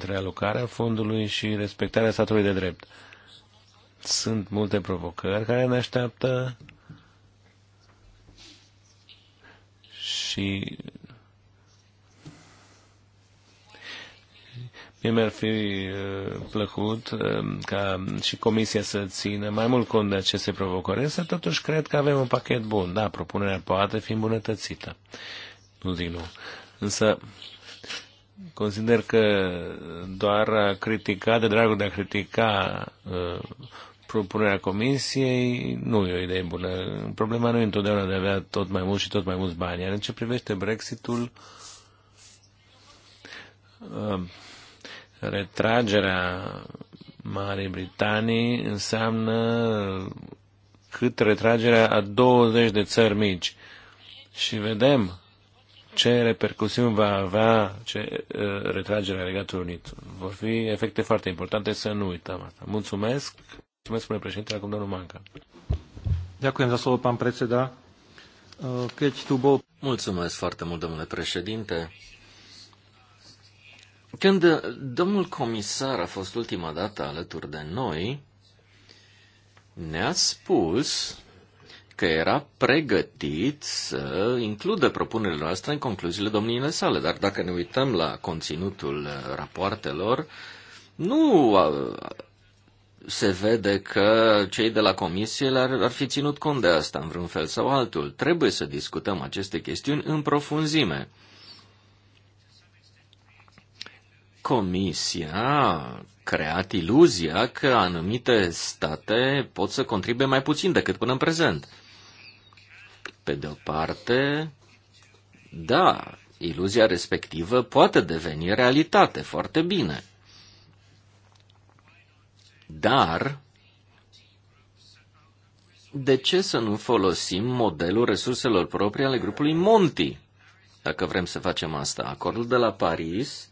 între alocarea fondului și respectarea statului de drept. Sunt multe provocări care ne așteaptă și Mie mi-ar fi uh, plăcut uh, ca și Comisia să țină mai mult cont de aceste provocări, însă totuși cred că avem un pachet bun. Da, propunerea poate fi îmbunătățită. Nu zic nu. Însă consider că doar a critica, de dragul de a critica uh, propunerea comisiei, nu e o idee bună. Problema nu e întotdeauna de a avea tot mai mult și tot mai mulți bani. Iar în ce privește Brexitul, uh, retragerea Marii Britanii înseamnă cât retragerea a 20 de țări mici. Și vedem ce repercusiuni va avea ce, uh, retragerea Regatului Unit. Vor fi efecte foarte importante, să nu uităm asta. Mulțumesc. Mulțumesc, domnule președinte, acum domnul Manca. Ďakujem za slovo, pán predseda. Uh, keď tu bol... Mulțumesc foarte mult, domnule președinte. Când domnul comisar a fost ultima dată alături de noi, ne-a spus că era pregătit să includă propunerile noastre în concluziile domniile sale. Dar dacă ne uităm la conținutul uh, rapoartelor, nu uh, se vede că cei de la comisie ar, ar fi ținut cont de asta în vreun fel sau altul. Trebuie să discutăm aceste chestiuni în profunzime. Comisia a creat iluzia că anumite state pot să contribuie mai puțin decât până în prezent. Pe de o parte, da, iluzia respectivă poate deveni realitate foarte bine. Dar, de ce să nu folosim modelul resurselor proprii ale grupului Monti? Dacă vrem să facem asta, acordul de la Paris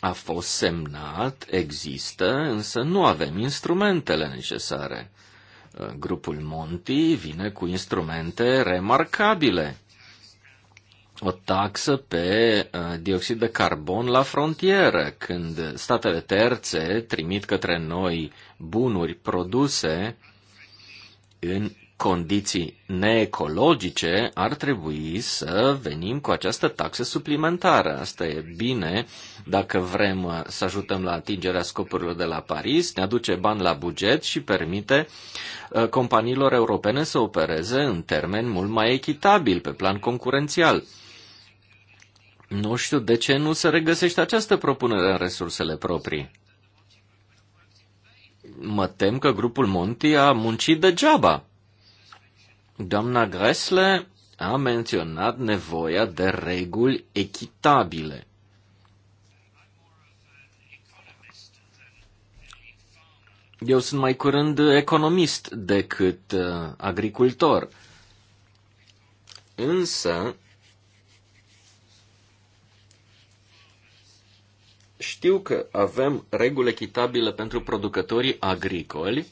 a fost semnat, există, însă nu avem instrumentele necesare. Grupul Monti vine cu instrumente remarcabile. O taxă pe uh, dioxid de carbon la frontieră, când statele terțe trimit către noi bunuri produse în condiții neecologice, ar trebui să venim cu această taxă suplimentară. Asta e bine dacă vrem să ajutăm la atingerea scopurilor de la Paris, ne aduce bani la buget și permite uh, companiilor europene să opereze în termen mult mai echitabil pe plan concurențial. Nu știu de ce nu se regăsește această propunere în resursele proprii. Mă tem că grupul Monti a muncit degeaba. Doamna Gresle a menționat nevoia de reguli echitabile. Eu sunt mai curând economist decât uh, agricultor. Însă, știu că avem reguli echitabile pentru producătorii agricoli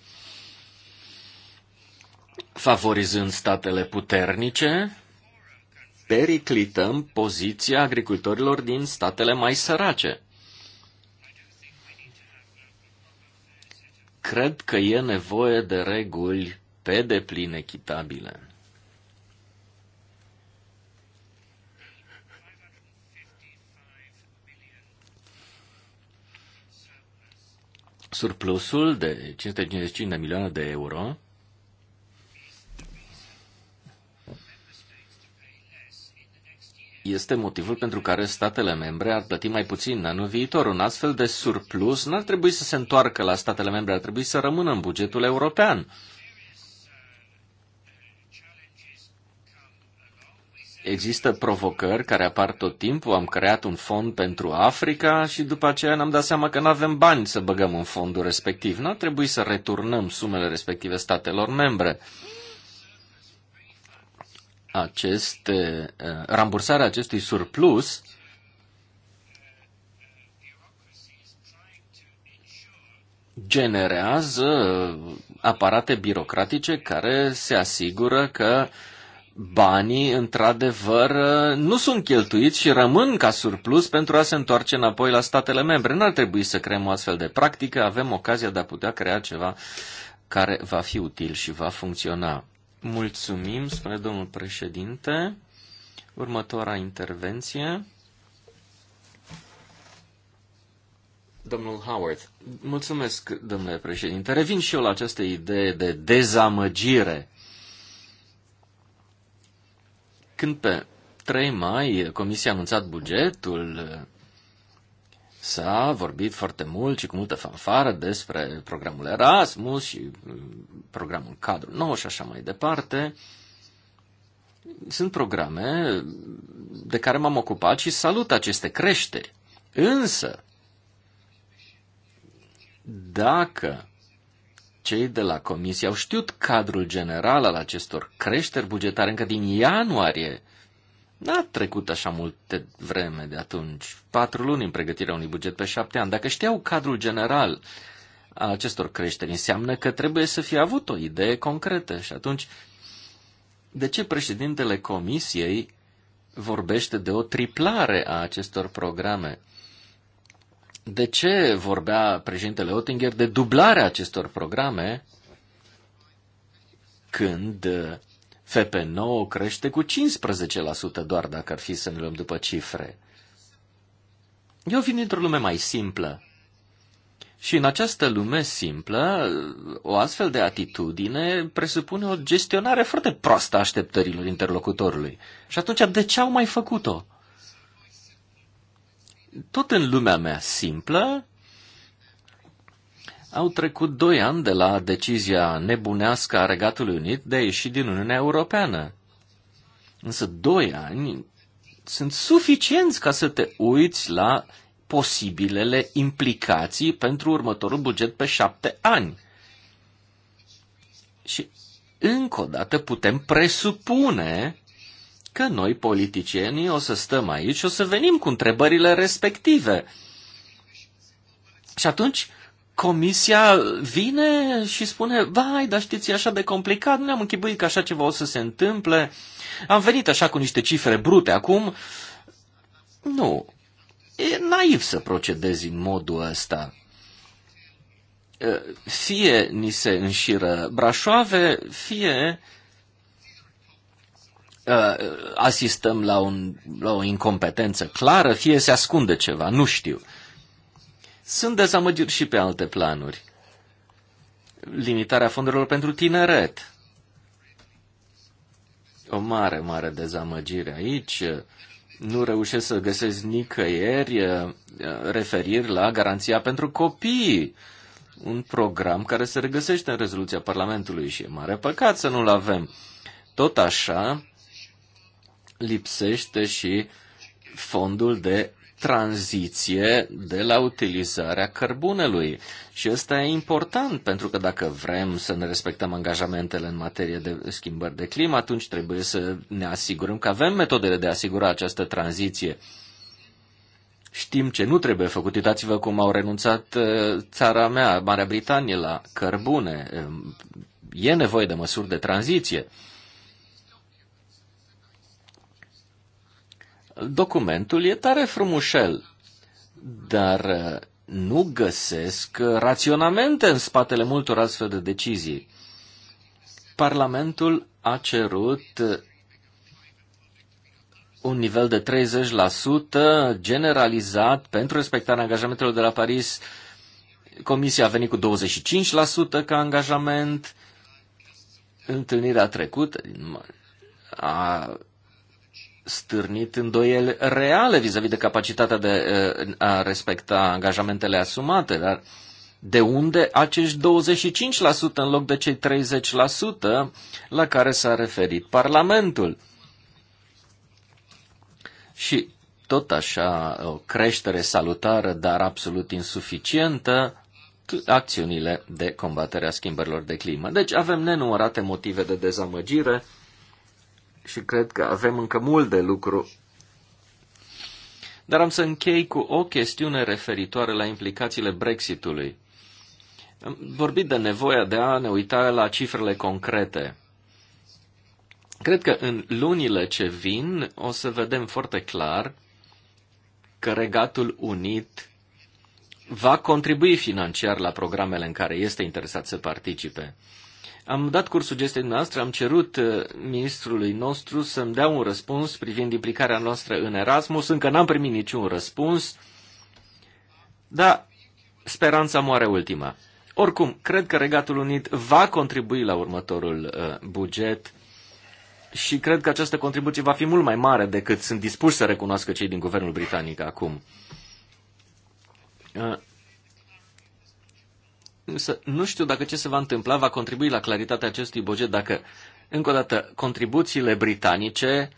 favorizând statele puternice, periclităm poziția agricultorilor din statele mai sărace. Cred că e nevoie de reguli pe deplin echitabile. Surplusul de 555 de milioane de euro este motivul pentru care statele membre ar plăti mai puțin în anul viitor. Un astfel de surplus n-ar trebui să se întoarcă la statele membre, ar trebui să rămână în bugetul european. Există provocări care apar tot timpul. Am creat un fond pentru Africa și după aceea ne-am dat seama că nu avem bani să băgăm în fondul respectiv. Nu ar trebui să returnăm sumele respective statelor membre aceste, eh, rambursarea acestui surplus generează aparate birocratice care se asigură că banii, într-adevăr, nu sunt cheltuiți și rămân ca surplus pentru a se întoarce înapoi la statele membre. Nu ar trebui să creăm o astfel de practică, avem ocazia de a putea crea ceva care va fi util și va funcționa. Mulțumim, spune domnul președinte. Următoarea intervenție. Domnul Howard, mulțumesc, domnule președinte. Revin și eu la această idee de dezamăgire. Când pe 3 mai Comisia a anunțat bugetul, S-a vorbit foarte mult și cu multă fanfară despre programul Erasmus și uh, programul Cadru Nou și așa mai departe. Sunt programe de care m-am ocupat și salut aceste creșteri. Însă, dacă cei de la Comisie au știut cadrul general al acestor creșteri bugetare încă din ianuarie N-a trecut așa multe vreme de atunci, patru luni în pregătirea unui buget pe șapte ani. Dacă știau cadrul general al acestor creșteri, înseamnă că trebuie să fie avut o idee concretă. Și atunci, de ce președintele comisiei vorbește de o triplare a acestor programe? De ce vorbea președintele Oettinger de dublarea acestor programe când FP9 crește cu 15% doar dacă ar fi să ne luăm după cifre. Eu vin într-o lume mai simplă. Și în această lume simplă, o astfel de atitudine presupune o gestionare foarte proastă a așteptărilor interlocutorului. Și atunci, de ce au mai făcut-o? Tot în lumea mea simplă, au trecut doi ani de la decizia nebunească a Regatului Unit de a ieși din Uniunea Europeană. Însă doi ani sunt suficienți ca să te uiți la posibilele implicații pentru următorul buget pe șapte ani. Și încă o dată putem presupune că noi, politicienii, o să stăm aici și o să venim cu întrebările respective. Și atunci Comisia vine și spune, vai, dar știți, e așa de complicat, nu ne-am închipuit că așa ceva o să se întâmple. Am venit așa cu niște cifre brute acum. Nu, e naiv să procedezi în modul ăsta. Fie ni se înșiră brașoave, fie asistăm la, un, la o incompetență clară, fie se ascunde ceva, nu știu. Sunt dezamăgiri și pe alte planuri. Limitarea fondurilor pentru tineret. O mare, mare dezamăgire aici. Nu reușesc să găsesc nicăieri eh, referiri la garanția pentru copii. Un program care se regăsește în rezoluția Parlamentului și e mare păcat să nu-l avem. Tot așa, lipsește și fondul de tranziție de la utilizarea cărbunelui. Și ăsta e important, pentru că dacă vrem să ne respectăm angajamentele în materie de schimbări de climă, atunci trebuie să ne asigurăm că avem metodele de a asigura această tranziție. Știm ce nu trebuie făcut. Uitați-vă cum au renunțat uh, țara mea, Marea Britanie, la cărbune. E nevoie de măsuri de tranziție. documentul e tare frumușel, dar uh, nu găsesc uh, raționamente în spatele multor astfel de decizii. Parlamentul a cerut uh, un nivel de 30% generalizat pentru respectarea angajamentelor de la Paris. Comisia a venit cu 25% ca angajament. Întâlnirea trecută a stârnit îndoieli reale vis-a-vis -vis de capacitatea de eh, a respecta angajamentele asumate, dar de unde acești 25% în loc de cei 30% la care s-a referit Parlamentul? Și tot așa o creștere salutară, dar absolut insuficientă, acțiunile de combatere a schimbărilor de climă. Deci avem nenumărate motive de dezamăgire și cred că avem încă mult de lucru. Dar am să închei cu o chestiune referitoare la implicațiile Brexitului. Am vorbit de nevoia de a ne uita la cifrele concrete. Cred că în lunile ce vin o să vedem foarte clar că Regatul Unit va contribui financiar la programele în care este interesat să participe. Am dat curs gestei noastre, am cerut uh, ministrului nostru să-mi dea un răspuns privind implicarea noastră în Erasmus. Încă n-am primit niciun răspuns, dar speranța moare ultima. Oricum, cred că Regatul Unit va contribui la următorul uh, buget și cred că această contribuție va fi mult mai mare decât sunt dispuși să recunoască cei din guvernul britanic acum. Uh, Însă nu știu dacă ce se va întâmpla va contribui la claritatea acestui buget dacă, încă o dată, contribuțiile britanice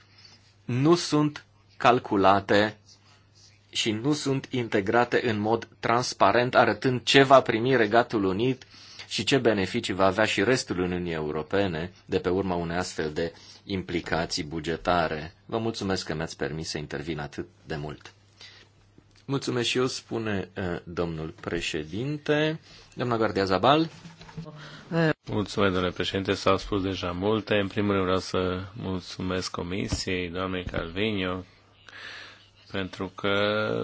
nu sunt calculate și nu sunt integrate în mod transparent, arătând ce va primi Regatul Unit și ce beneficii va avea și restul Uniunii Europene de pe urma unei astfel de implicații bugetare. Vă mulțumesc că mi-ați permis să intervin atât de mult. Mulțumesc și eu, spune uh, domnul președinte. Doamna Gardia Zabal. Mulțumesc, domnule președinte, s-au spus deja multe. În primul rând vreau să mulțumesc comisiei, doamnei Calvinio, pentru că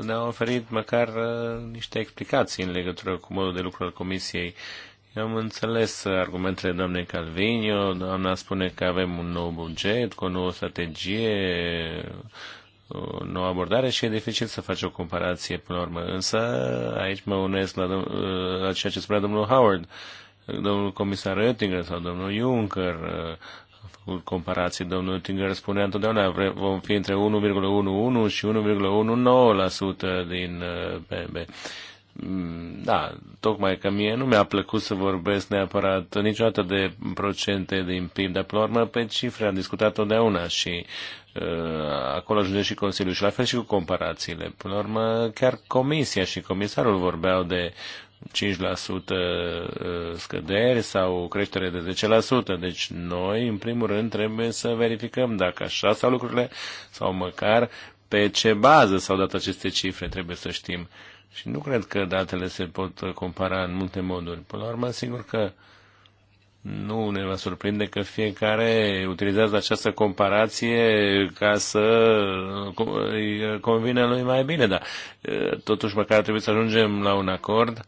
ne-au oferit măcar uh, niște explicații în legătură cu modul de lucru al comisiei. Eu am înțeles argumentele doamnei Calvinio, doamna spune că avem un nou buget, cu o nouă strategie, o uh, nouă abordare și e dificil să faci o comparație până la urmă. Însă aici mă unesc la, uh, la ceea ce spunea domnul Howard, domnul comisar Oettinger sau domnul Juncker uh, a făcut comparații. Domnul Oettinger spunea întotdeauna vom fi între 1,11 și 1,19% din PNB. Mm, da, tocmai că mie nu mi-a plăcut să vorbesc neapărat niciodată de procente din PIB, dar pe urmă pe cifre am discutat totdeauna și Uh, acolo ajunge și Consiliul și la fel și cu comparațiile. Până la urmă, chiar Comisia și Comisarul vorbeau de 5% uh, scăderi sau creștere de 10%. Deci noi, în primul rând, trebuie să verificăm dacă așa sau lucrurile sau măcar pe ce bază s-au dat aceste cifre, trebuie să știm. Și nu cred că datele se pot compara în multe moduri. Până la urmă, sigur că uh, nu ne va surprinde că fiecare utilizează această comparație ca să îi convine lui mai bine, dar totuși măcar trebuie să ajungem la un acord,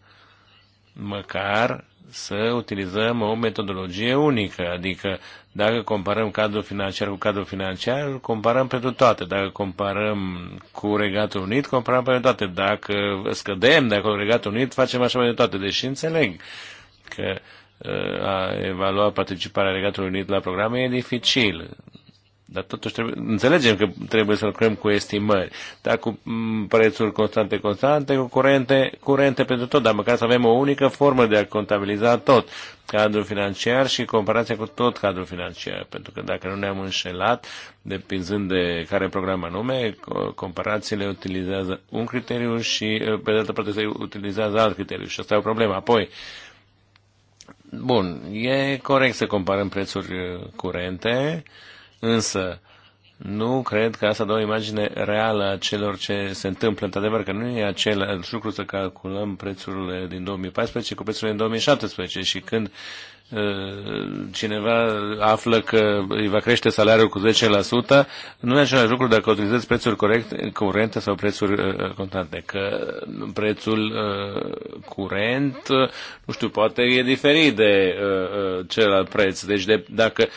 măcar să utilizăm o metodologie unică, adică dacă comparăm cadrul financiar cu cadrul financiar, comparăm pentru toate. Dacă comparăm cu Regatul Unit, comparăm pentru toate. Dacă scădem de acolo Regatul Unit, facem așa mai de toate. Deși înțeleg că uh, a evalua participarea Regatului Unit la programe e dificil. Dar totuși trebuie, înțelegem că trebuie să lucrăm cu estimări, dar cu mm, prețuri constante, constante, cu curente, curente pentru tot, dar măcar să avem o unică formă de a contabiliza tot, cadrul financiar și comparația cu tot cadrul financiar, pentru că dacă nu ne-am înșelat, depinzând de care program anume, comparațiile utilizează un criteriu și pe de altă parte se utilizează alt criteriu și asta e o problemă. Apoi, uh, Bun, e corect să comparăm prețuri uh, curente, însă nu cred că asta dă o imagine reală a celor ce se întâmplă. Într-adevăr că nu e același lucru să calculăm prețurile din 2014 cu prețurile din 2017 și când Eh, cineva află că îi va crește salariul cu 10%, nu e același lucru dacă utilizezi prețuri corecte, curente sau prețuri eh, eh, contante. Că prețul curent, nu știu, poate e diferit de cel al preț. Deci de, dacă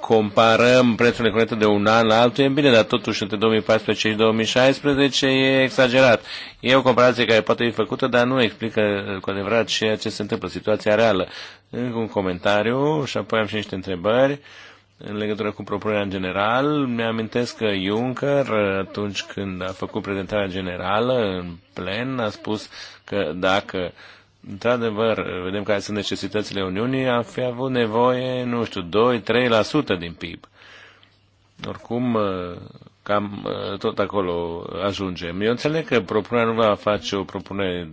comparăm prețurile curente de un an la altul, e bine, dar totuși între 2014 și 2016 e exagerat. E o comparație care poate fi făcută, dar nu explică cu adevărat ceea ce se întâmplă, situația reală. Încă un comentariu și apoi am și niște întrebări în legătură cu propunerea în general. Mi-amintesc că Juncker, atunci când a făcut prezentarea generală în plen, a spus că dacă într-adevăr vedem care sunt necesitățile Uniunii, am fi avut nevoie, nu știu, 2-3% din PIB. Oricum, cam uh, tot acolo ajungem. Eu înțeleg că propunerea nu va face o propunere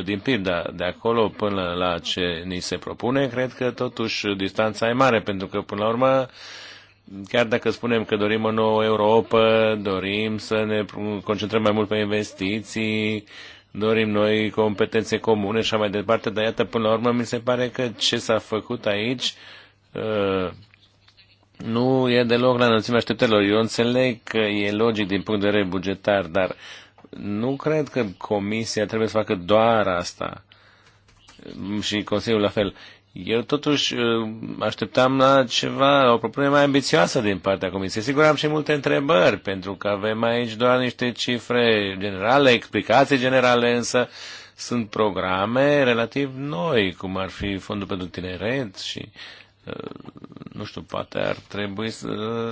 2-3% din PIB, dar de acolo până la ce ni se propune, cred că totuși distanța e mare, pentru că până la urmă chiar dacă spunem că dorim o nouă Europa, dorim să ne concentrăm mai mult pe investiții, dorim noi competențe comune și așa mai departe, dar iată, până la urmă, mi se pare că ce s-a făcut aici uh, nu e deloc la înălțimea așteptărilor. Eu înțeleg că e logic din punct de vedere bugetar, dar nu cred că Comisia trebuie să facă doar asta și Consiliul la fel. Eu totuși uh, așteptam la ceva, la o propunere mai ambițioasă din partea Comisiei. Sigur am și multe întrebări, pentru că avem aici doar niște cifre generale, explicații generale, însă sunt programe relativ noi, cum ar fi Fondul pentru Tineret și uh, nu știu, poate ar trebui să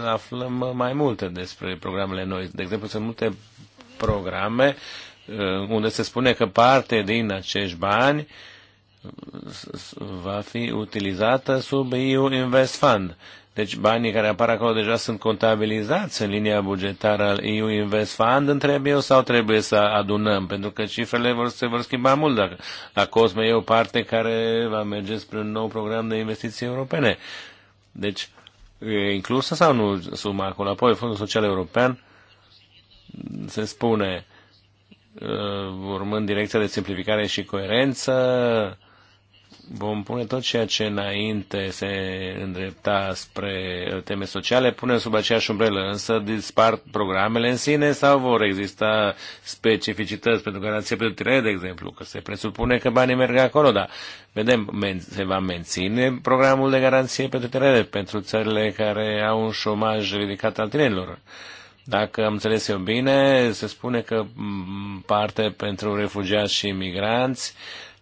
aflăm mai multe despre programele noi. De exemplu, sunt multe programe uh, unde se spune că parte din acești bani uh, va fi utilizată sub EU Invest Fund. Deci banii care apar acolo deja sunt contabilizați în linia bugetară al EU Invest Fund, întreb eu, sau trebuie să adunăm? Pentru că cifrele vor, se vor schimba mult. Dacă la COSME e o parte care va merge spre un nou program de investiții europene. Deci, e inclusă sau nu suma acolo? Apoi, Fondul Social European se spune uh, urmând direcția de simplificare și coerență, vom pune tot ceea ce înainte se îndrepta spre teme sociale, punem sub aceeași umbrelă, însă dispar programele în sine sau vor exista specificități pentru garanție pentru tineri, de exemplu, că se presupune că banii merg acolo, dar vedem, se va menține programul de garanție pentru tineri, pentru țările care au un șomaj ridicat al tinerilor. Dacă am înțeles eu bine, se spune că parte pentru refugiați și imigranți,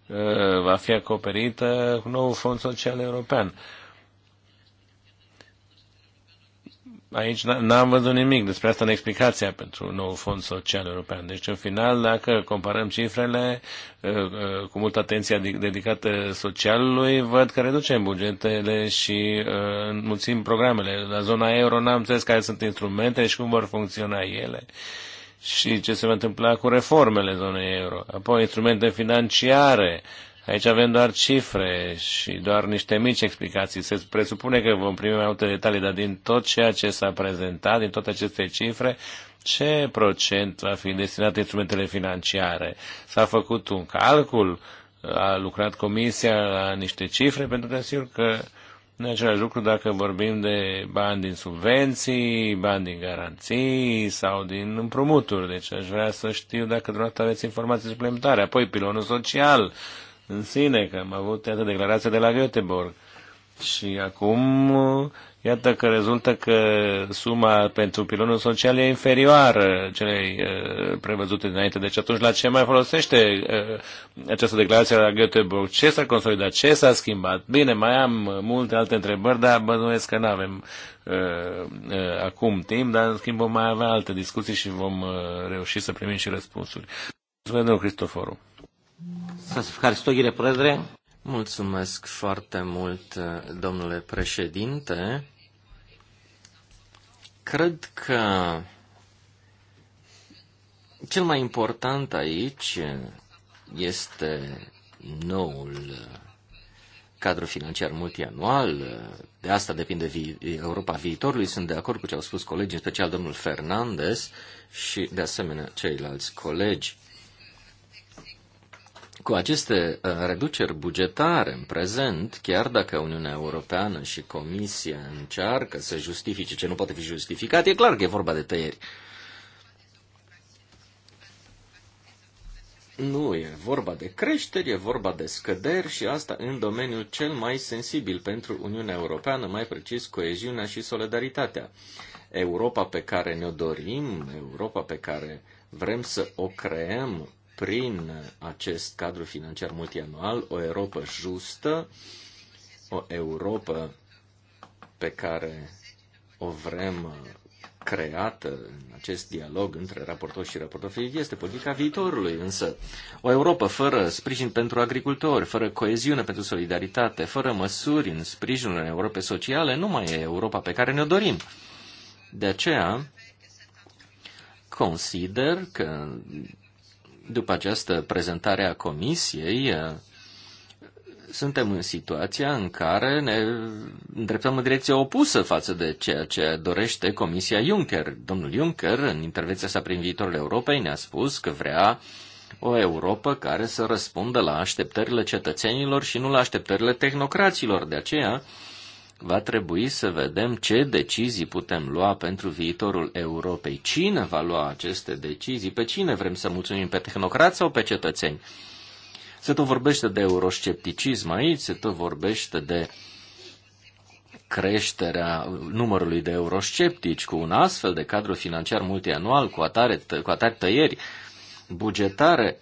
Uh, va fi acoperită cu noul fond social european. Aici n-am văzut nimic despre asta în explicația pentru nou fond social european. Deci, în final, dacă comparăm cifrele uh, uh, cu multă atenție dedicată socialului, văd că reducem bugetele și înmulțim programele. La zona euro n-am înțeles care sunt instrumentele și cum vor funcționa ele. Uh, și ce se va întâmpla cu reformele zonei euro. Apoi instrumente financiare. Aici avem doar cifre și doar niște mici explicații. Se presupune că vom primi mai multe detalii, dar din tot ceea ce s-a prezentat, din toate aceste cifre, ce procent va fi destinat instrumentele financiare? S-a făcut un calcul? A lucrat comisia la niște cifre? Pentru că sigur că nu e același lucru dacă vorbim de bani din subvenții, bani din garanții sau din împrumuturi. Deci aș vrea să știu dacă dumneavoastră aveți informații suplimentare. Apoi pilonul social în sine, că am avut atât declarația de la Göteborg. Uh, și acum, iată că rezultă că suma pentru pilonul social e inferioară celei uh, prevăzute dinainte. Deci atunci la ce mai folosește uh, această declarație la Göteborg? Ce s-a consolidat? Ce s-a schimbat? Bine, mai am multe alte întrebări, dar bănuiesc că nu avem uh, acum timp, dar în schimb vom mai avea alte discuții și vom reuși să primim și răspunsuri. Mulțumesc, domnul Cristoforu. Să vă mulțumesc, Mulțumesc foarte mult, domnule președinte. Cred că cel mai important aici este noul cadru financiar multianual. De asta depinde vi- Europa viitorului. Sunt de acord cu ce au spus colegii, în special domnul Fernandez și, de asemenea, ceilalți colegi. Cu aceste uh, reduceri bugetare în prezent, chiar dacă Uniunea Europeană și Comisia încearcă să justifice ce nu poate fi justificat, e clar că e vorba de tăieri. Nu, e vorba de creșteri, e vorba de scăderi și asta în domeniul cel mai sensibil pentru Uniunea Europeană, mai precis coeziunea și solidaritatea. Europa pe care ne-o dorim, Europa pe care vrem să o creăm, prin acest cadru financiar multianual o Europa justă, o Europa pe care o vrem creată în acest dialog între raportor și raportor este politica viitorului, însă o Europa fără sprijin pentru agricultori, fără coeziune pentru solidaritate, fără măsuri în sprijinul Europe sociale, nu mai e Europa pe care ne-o dorim. De aceea, consider că după această prezentare a comisiei, eh, suntem în situația în care ne îndreptăm în direcția opusă față de ceea ce dorește Comisia Juncker. Domnul Juncker, în intervenția sa prin viitorul Europei, ne-a spus că vrea o Europa care să răspundă la așteptările cetățenilor și nu la așteptările tehnocraților. De aceea, va trebui să vedem ce decizii putem lua pentru viitorul Europei. Cine va lua aceste decizii? Pe cine vrem să mulțumim? Pe tehnocrați sau pe cetățeni? Se tot vorbește de euroscepticism aici, se tot vorbește de creșterea numărului de eurosceptici cu un astfel de cadru financiar multianual, cu atare, cu atare tăieri bugetare.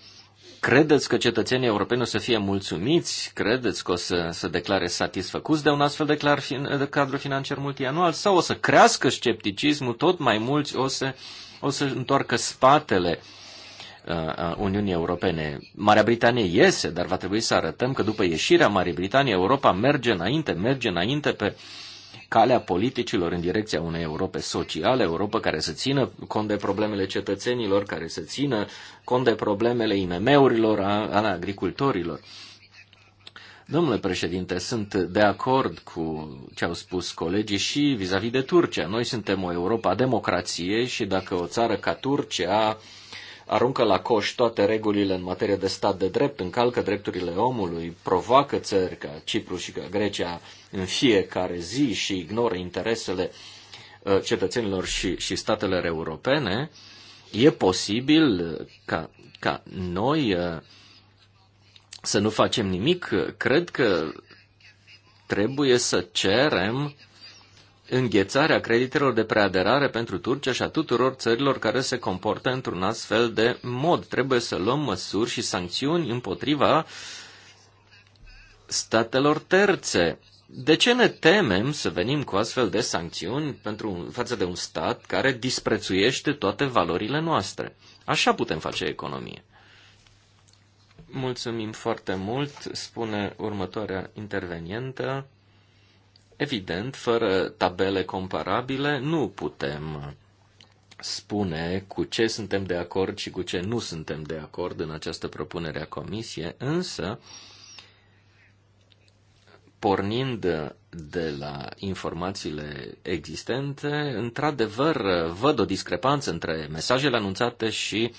Credeți că cetățenii europeni o să fie mulțumiți? Credeți că o să se declare satisfăcuți de un astfel de, clar, de cadru financiar multianual? Sau o să crească scepticismul? Tot mai mulți o să, o să întoarcă spatele uh, uh, Uniunii Europene. Marea Britanie iese, dar va trebui să arătăm că după ieșirea Marii Britanie, Europa merge înainte, merge înainte pe uh, calea politicilor în direcția unei Europe sociale, Europa care să țină cont de problemele cetățenilor, care să țină cont de problemele IMM-urilor, a agricultorilor. Domnule președinte, sunt de acord cu ce au spus colegii și vis-a-vis -vis de Turcia. Noi suntem o Europa a democrației și dacă o țară ca Turcia uh, aruncă la coș toate regulile în materie de stat de drept, încalcă drepturile omului, provoacă țări ca Cipru și ca Grecia în fiecare zi și ignoră interesele uh, cetățenilor și, și statelor europene, e posibil uh, ca, ca noi uh, să nu facem nimic. Cred că trebuie să cerem înghețarea creditelor de preaderare pentru Turcia și a tuturor țărilor care se comportă într-un astfel de mod. Trebuie să luăm măsuri și sancțiuni împotriva statelor terțe. De ce ne temem să venim cu astfel de sancțiuni pentru, față de un stat care disprețuiește toate valorile noastre? Așa putem face economie. Mulțumim foarte mult, spune următoarea intervenientă. Evident, fără tabele comparabile, nu putem spune cu ce suntem de acord și cu ce nu suntem de acord în această propunere a Comisiei, însă, pornind de la informațiile existente, într-adevăr, văd o discrepanță între mesajele anunțate și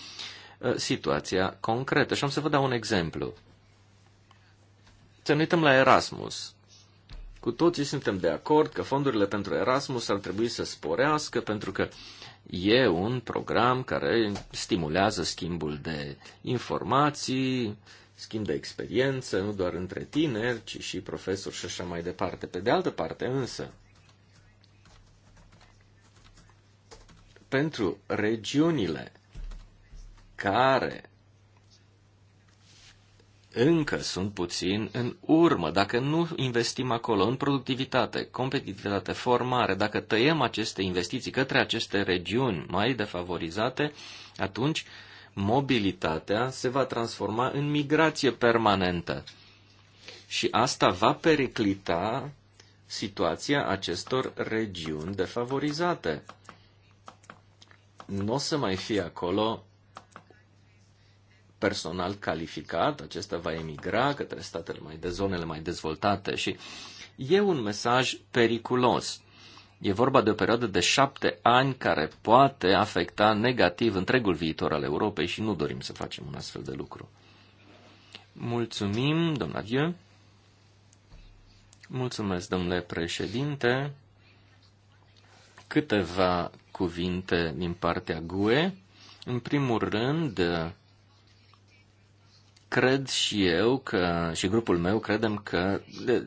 uh, situația concretă. Și am să vă dau un exemplu. Să ne uităm la Erasmus. Cu toții suntem de acord că fondurile pentru Erasmus ar trebui să sporească pentru că e un program care stimulează schimbul de informații, schimb de experiență, nu doar între tineri, ci și profesori și așa mai departe. Pe de altă parte, însă, pentru regiunile care încă sunt puțin în urmă. Dacă nu investim acolo în productivitate, competitivitate, formare, dacă tăiem aceste investiții către aceste regiuni mai defavorizate, atunci mobilitatea se va transforma în migrație permanentă. Și asta va periclita situația acestor regiuni defavorizate. Nu o să mai fie acolo personal calificat, acesta va emigra către statele mai de zonele mai dezvoltate și e un mesaj periculos. E vorba de o perioadă de șapte ani care poate afecta negativ întregul viitor al Europei și nu dorim să facem un astfel de lucru. Mulțumim, domnul Avieu. Mulțumesc, domnule președinte. Câteva cuvinte din partea GUE. În primul rând, cred și eu că, și grupul meu credem că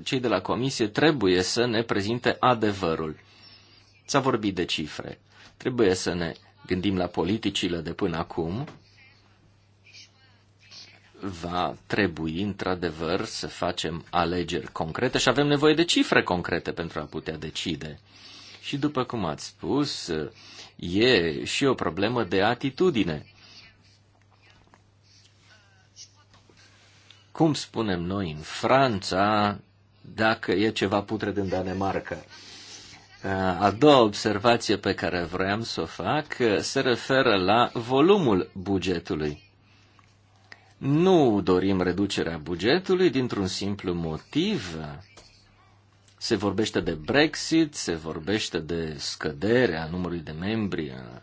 cei de la comisie trebuie să ne prezinte adevărul. S-a vorbit de cifre. Trebuie să ne gândim la politicile de până acum. Va trebui, într-adevăr, să facem alegeri concrete și avem nevoie de cifre concrete pentru a putea decide. Și după cum ați spus, e și o problemă de atitudine cum spunem noi în Franța, dacă e ceva putred în Danemarca. Uh, a doua observație pe care vreau să o fac uh, se referă la volumul bugetului. Nu dorim reducerea bugetului dintr-un simplu motiv. Se vorbește de Brexit, se vorbește de scăderea numărului de membri a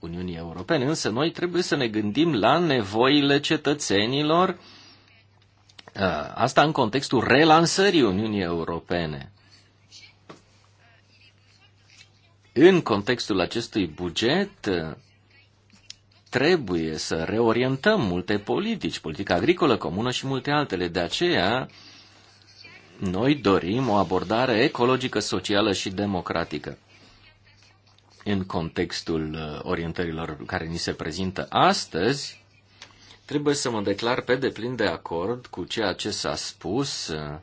Uniunii Europene, însă noi trebuie să ne gândim la nevoile cetățenilor Uh, asta în contextul relansării Uniunii Europene. În contextul acestui buget, uh, trebuie să reorientăm multe politici, politica agricolă comună și multe altele. De aceea, noi dorim o abordare ecologică, socială și democratică. În contextul uh, orientărilor care ni se prezintă astăzi, Trebuie să mă declar pe deplin de acord cu ceea ce s-a spus uh,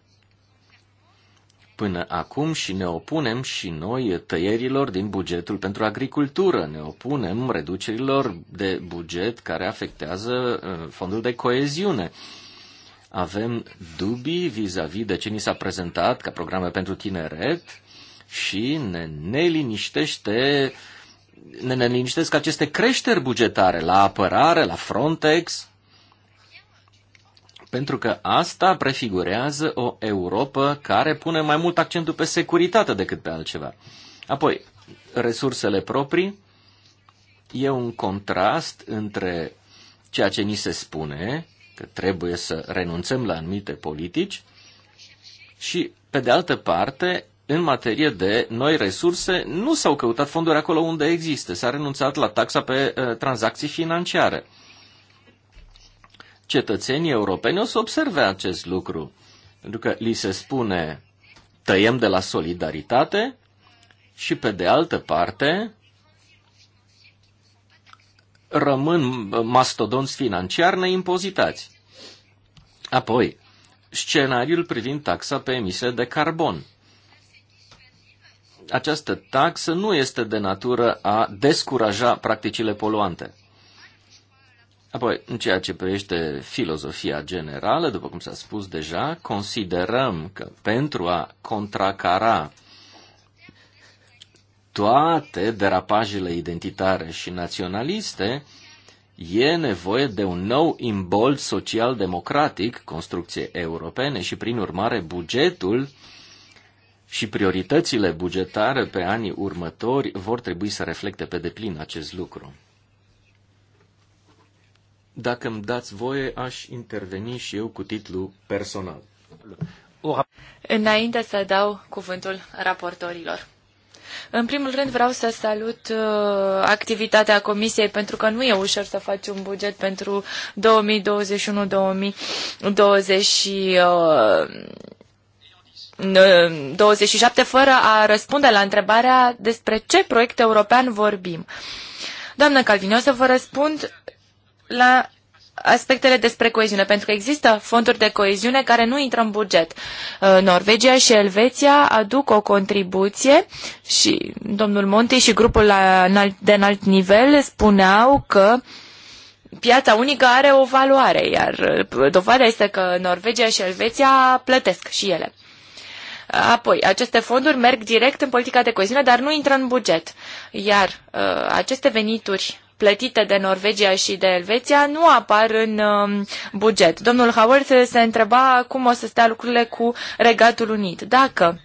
până acum și ne opunem și noi tăierilor din bugetul pentru agricultură, ne opunem reducerilor de buget care afectează uh, fondul de coeziune. Avem dubii vis-a-vis -vis de ce ni s-a prezentat ca programe pentru tineret și ne neliniștește ne neliniștesc aceste creșteri bugetare la apărare, la Frontex, pentru că asta prefigurează o Europa care pune mai mult accentul pe securitate decât pe altceva. Apoi, resursele proprii e un contrast între ceea ce ni se spune, că trebuie să renunțăm la anumite politici, și, pe de altă parte, în materie de noi resurse, nu s-au căutat fonduri acolo unde există. S-a renunțat la taxa pe uh, tranzacții financiare. Uh, cetățenii europeni o să observe acest lucru. Pentru că li se spune tăiem de la solidaritate și pe de altă parte rămân mastodonți financiari neimpozitați. Apoi, scenariul privind taxa pe emisie de carbon. Această taxă nu este de natură a descuraja practicile poluante. Apoi, în ceea ce privește filozofia generală, după cum s-a spus deja, considerăm că pentru a contracara toate derapajele identitare și naționaliste, e nevoie de un nou imbold social-democratic, construcție europene și, prin urmare, bugetul și prioritățile bugetare pe anii următori vor trebui să reflecte pe deplin acest lucru. Dacă îmi dați voie, aș interveni și eu cu titlu personal. Înainte să dau cuvântul raportorilor. În primul rând vreau să salut uh, activitatea Comisiei pentru că nu e ușor să faci un buget pentru 2021-2020 și 27 uh, uh, fără a răspunde la întrebarea despre ce proiect european vorbim. Doamnă Calvin, o să vă răspund la aspectele despre coeziune, pentru că există fonduri de coeziune care nu intră în buget. Uh, Norvegia și Elveția aduc o contribuție și domnul Monti și grupul de înalt nivel spuneau că piața unică are o valoare, iar uh, dovada este că Norvegia și Elveția plătesc și ele. Apoi, aceste fonduri merg direct în politica de coeziune, dar nu intră în buget. Iar uh, aceste venituri plătite de Norvegia și de Elveția nu apar în um, buget. Domnul Howard se întreba cum o să stea lucrurile cu Regatul Unit. Dacă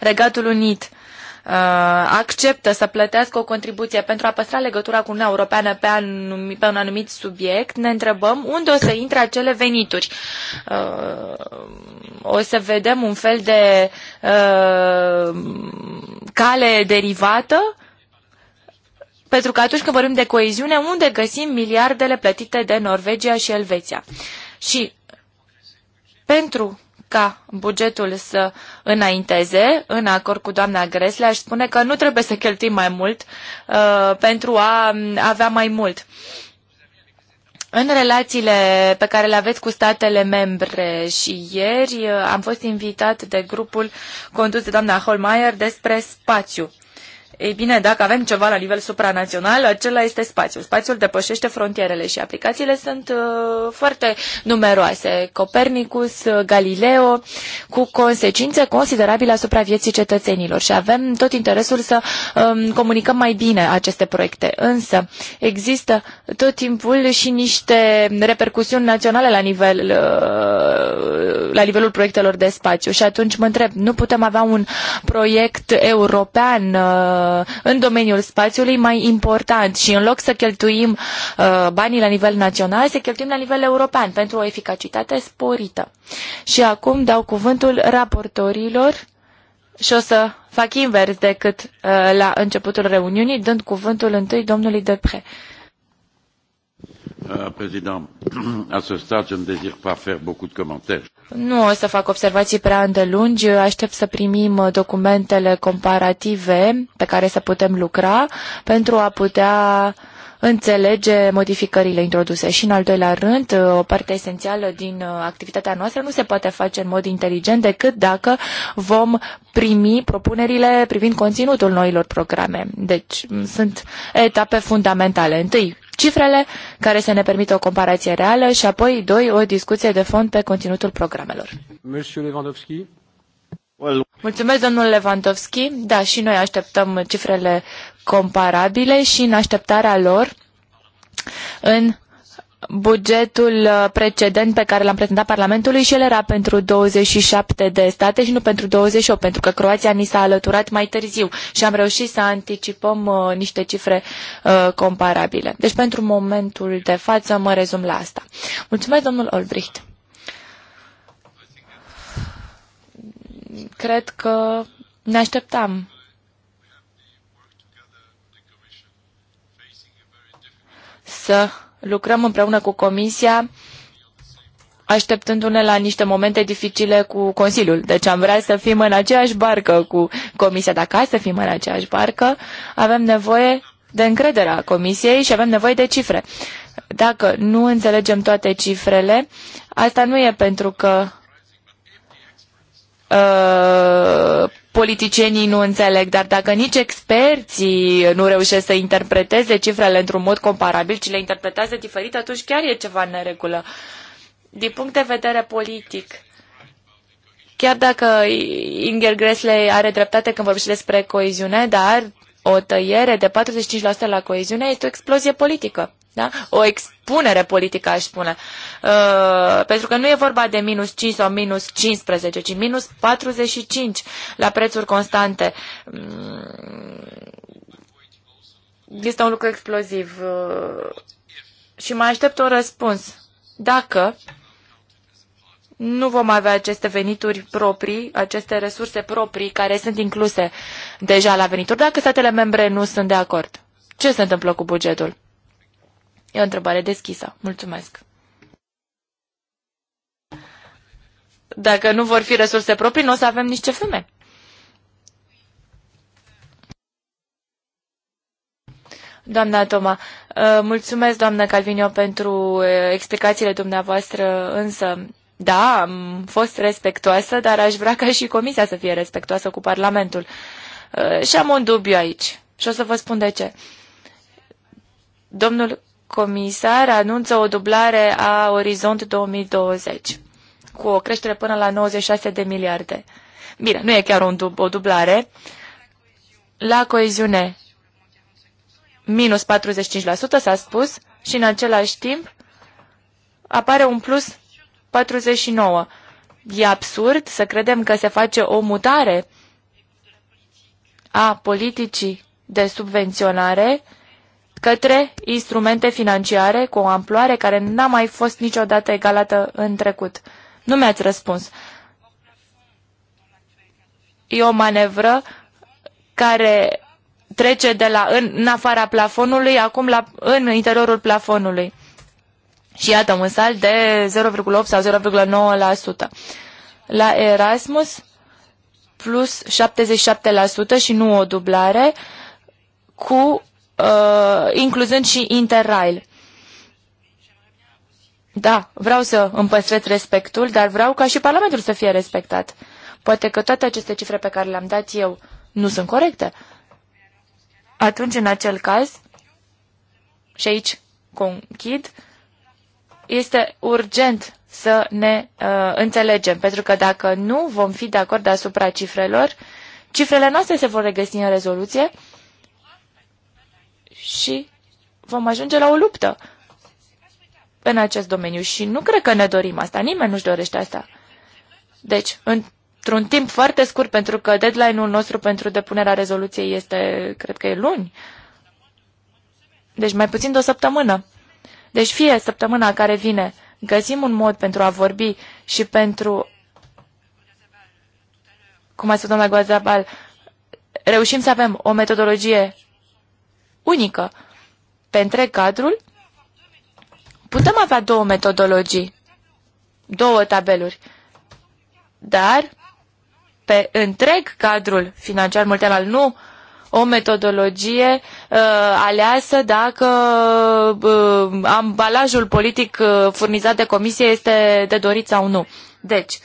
Regatul Unit uh, acceptă să plătească o contribuție pentru a păstra legătura cu Uniunea Europeană pe, anum, pe un anumit subiect, ne întrebăm unde o să intre acele venituri. Uh, o să vedem un fel de uh, cale derivată pentru că atunci când vorbim de coeziune, unde găsim miliardele plătite de Norvegia și Elveția? Și pentru ca bugetul să înainteze, în acord cu doamna Greslea, aș spune că nu trebuie să cheltuim mai mult uh, pentru a avea mai mult. În relațiile pe care le aveți cu statele membre și ieri uh, am fost invitat de grupul condus de doamna Holmeier despre spațiu. Ei bine, dacă avem ceva la nivel supranațional, acela este spațiul. Spațiul depășește frontierele și aplicațiile sunt uh, foarte numeroase. Copernicus, Galileo, cu consecințe considerabile asupra vieții cetățenilor și avem tot interesul să um, comunicăm mai bine aceste proiecte. Însă există tot timpul și niște repercusiuni naționale la, nivel, uh, la nivelul proiectelor de spațiu și atunci mă întreb, nu putem avea un proiect european uh, Uh, în domeniul spațiului mai important și în loc să cheltuim uh, banii la nivel național, să cheltuim la nivel european pentru o eficacitate sporită. Și acum dau cuvântul raportorilor și o să fac invers decât uh, la începutul reuniunii, dând cuvântul întâi domnului Depre. Président, à ce stade, je ne désire pas faire beaucoup de commentaires. Nu o să fac observații prea îndelungi, aștept să primim documentele comparative pe care să putem lucra pentru a putea înțelege modificările introduse. Și în al doilea rând, o parte esențială din activitatea noastră nu se poate face în mod inteligent decât dacă vom primi propunerile privind conținutul noilor programe. Deci sunt etape fundamentale. Întâi, cifrele care să ne permită o comparație reală și apoi, doi, o discuție de fond pe conținutul programelor. Mulțumesc, domnul Lewandowski. Da, și noi așteptăm cifrele comparabile și în așteptarea lor în bugetul uh, precedent pe care l-am prezentat Parlamentului și el era pentru 27 de state și nu pentru 28, pentru că Croația ni s-a alăturat mai târziu și am reușit să anticipăm uh, niște cifre uh, comparabile. Deci pentru momentul de față mă rezum la asta. Mulțumesc, domnul Olbricht. Cred că ne așteptam să lucrăm împreună cu Comisia așteptându-ne la niște momente dificile cu Consiliul. Deci am vrea să fim în aceeași barcă cu Comisia. Dacă hai să fim în aceeași barcă, avem nevoie de încrederea Comisiei și avem nevoie de cifre. Dacă nu înțelegem toate cifrele, asta nu e pentru că uh, politicienii nu înțeleg, dar dacă nici experții nu reușesc să interpreteze cifrele într-un mod comparabil, ci le interpretează diferit, atunci chiar e ceva în neregulă. Din punct de vedere politic, chiar dacă Inger Gresle are dreptate când vorbește despre coeziune, dar o tăiere de 45% la coeziune este o explozie politică. Da? O expunere politică, aș spune. Uh, pentru că nu e vorba de minus 5 sau minus 15, ci minus 45 la prețuri constante. Mm, este un lucru exploziv. Uh, și mai aștept un răspuns. Dacă nu vom avea aceste venituri proprii, aceste resurse proprii care sunt incluse deja la venituri, dacă statele membre nu sunt de acord. Ce se întâmplă cu bugetul? E o întrebare deschisă. Mulțumesc. Dacă nu vor fi resurse proprii, nu o să avem nici ce femei. Doamna Toma, uh, mulțumesc, doamna Calvinio, pentru uh, explicațiile dumneavoastră, însă, da, am fost respectoasă, dar aș vrea ca și Comisia să fie respectoasă cu Parlamentul. Uh, și am un dubiu aici și o să vă spun de ce. Domnul comisar anunță o dublare a Orizont 2020 cu o creștere până la 96 de miliarde. Bine, nu e chiar un dub- o dublare. La coeziune, minus 45% s-a spus și în același timp apare un plus 49%. E absurd să credem că se face o mutare a politicii de subvenționare către instrumente financiare cu o amploare care n-a mai fost niciodată egalată în trecut. Nu mi-ați răspuns. E o manevră care trece de la în, în afara plafonului, acum la, în interiorul plafonului. Și iată un sal de 0,8 sau 0,9%. La Erasmus plus 77% și nu o dublare, cu Uh, incluzând și Interrail. Da, vreau să îmi păstrez respectul, dar vreau ca și Parlamentul să fie respectat. Poate că toate aceste cifre pe care le-am dat eu nu sunt corecte. Atunci, în acel caz, și aici conchid, este urgent să ne uh, înțelegem, pentru că dacă nu vom fi de acord asupra cifrelor, cifrele noastre se vor regăsi în rezoluție și vom ajunge la o luptă în acest domeniu și nu cred că ne dorim asta. Nimeni nu-și dorește asta. Deci, într-un timp foarte scurt, pentru că deadline-ul nostru pentru depunerea rezoluției este, cred că e luni, deci mai puțin de o săptămână. Deci fie săptămâna care vine găsim un mod pentru a vorbi și pentru, cum a spus domnul Guazabal, reușim să avem o metodologie unică pe întreg cadrul, putem avea două metodologii, două tabeluri, dar pe întreg cadrul financiar multianual, nu o metodologie uh, aleasă dacă uh, ambalajul politic uh, furnizat de comisie este de dorit sau nu. Deci, uh,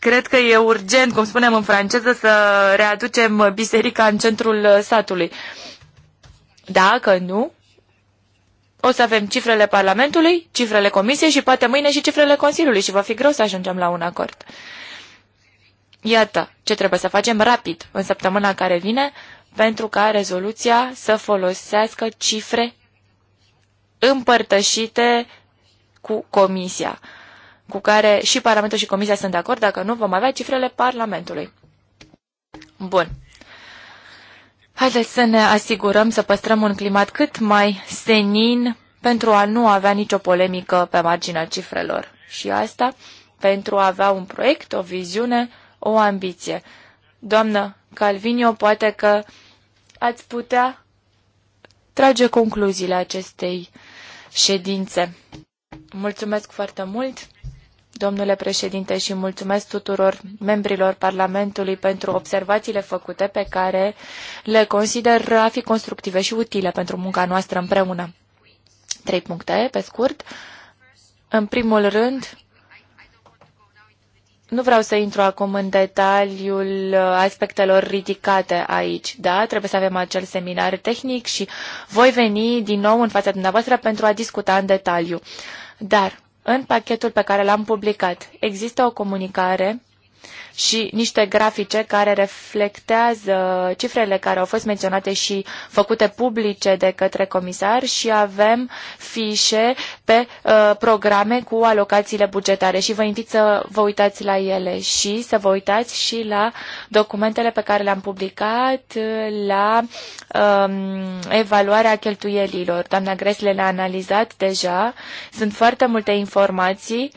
Cred că e urgent, cum spunem în franceză, să readucem biserica în centrul uh, satului. Dacă nu, o să avem cifrele Parlamentului, cifrele Comisiei și poate mâine și cifrele Consiliului și va fi greu să ajungem la un acord. Iată ce trebuie să facem rapid în săptămâna care vine pentru ca rezoluția să folosească cifre împărtășite cu Comisia cu care și Parlamentul și Comisia sunt de acord, dacă nu vom avea cifrele Parlamentului. Bun. Haideți să ne asigurăm să păstrăm un climat cât mai senin pentru a nu avea nicio polemică pe marginea cifrelor. Și asta pentru a avea un proiect, o viziune, o ambiție. Doamnă Calvinio, poate că ați putea trage concluziile acestei ședințe. Mulțumesc foarte mult! domnule președinte, și mulțumesc tuturor membrilor Parlamentului pentru observațiile făcute pe care le consider a fi constructive și utile pentru munca noastră împreună. Trei puncte, pe scurt. În primul rând, nu vreau să intru acum în detaliul aspectelor ridicate aici, da? Trebuie să avem acel seminar tehnic și voi veni din nou în fața dumneavoastră pentru a discuta în detaliu. Dar în pachetul pe care l-am publicat există o comunicare și niște grafice care reflectează cifrele care au fost menționate și făcute publice de către comisar și avem fișe pe uh, programe cu alocațiile bugetare și vă invit să vă uitați la ele și să vă uitați și la documentele pe care le-am publicat uh, la um, evaluarea cheltuielilor. Doamna Gresle le-a analizat deja. Sunt foarte multe informații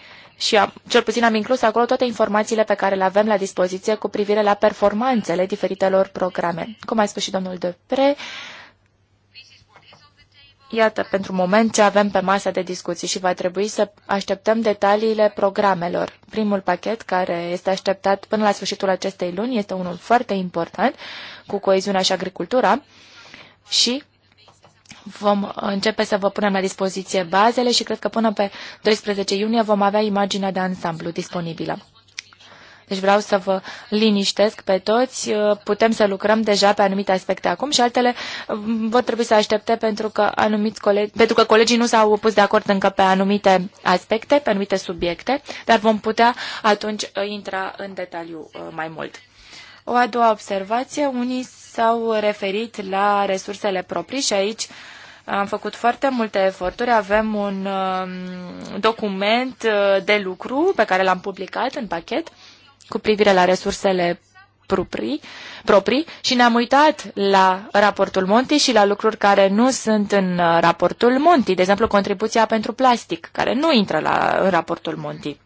și am, cel puțin am inclus acolo toate informațiile pe care le avem la dispoziție cu privire la performanțele diferitelor programe. Cum a spus și domnul Depre, iată, pentru moment ce avem pe masa de discuții și va trebui să așteptăm detaliile programelor. Primul pachet care este așteptat până la sfârșitul acestei luni este unul foarte important cu coeziunea și agricultura și vom începe să vă punem la dispoziție bazele și cred că până pe 12 iunie vom avea imaginea de ansamblu disponibilă. Deci vreau să vă liniștesc pe toți, putem să lucrăm deja pe anumite aspecte acum și altele vor trebui să aștepte pentru că, anumiți colegi, pentru că colegii nu s-au pus de acord încă pe anumite aspecte, pe anumite subiecte, dar vom putea atunci intra în detaliu uh, mai mult. O a doua observație, unii s-au referit la resursele proprii și aici uh, am făcut foarte multe eforturi, avem un um, document uh, de lucru pe care l-am publicat în pachet cu privire la resursele proprii, proprii și ne-am uitat la raportul Monti și la lucruri care nu sunt în uh, raportul Monti, de exemplu contribuția pentru plastic, care nu intră la, în raportul Monti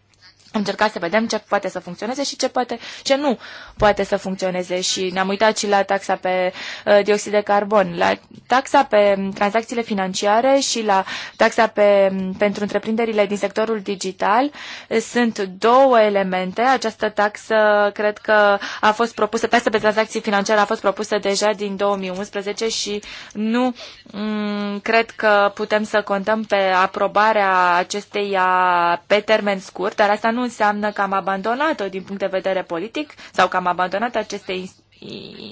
încercat să vedem ce poate să funcționeze și ce, poate, ce nu poate să funcționeze. Și ne-am uitat și la taxa pe uh, dioxid de carbon, la taxa pe um, tranzacțiile financiare și la taxa pe, um, pentru întreprinderile din sectorul digital. Sunt două elemente. Această taxă, cred că a fost propusă, taxa pe tranzacții financiare a fost propusă deja din 2011 și nu mm, cred că putem să contăm pe aprobarea acesteia pe termen scurt, dar asta nu nu înseamnă că am abandonat-o din punct de vedere politic sau că am abandonat aceste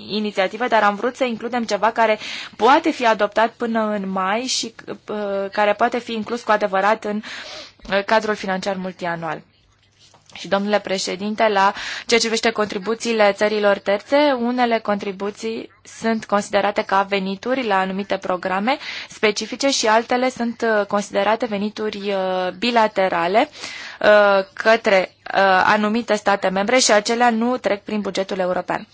inițiative, dar am vrut să includem ceva care poate fi adoptat până în mai și uh, care poate fi inclus cu adevărat în uh, cadrul financiar multianual. Și, domnule președinte, la ceea ce privește contribuțiile țărilor terțe, unele contribuții sunt considerate ca venituri la anumite programe specifice și altele sunt uh, considerate venituri uh, bilaterale uh, către anumite state membre și acelea nu trec prin bugetul european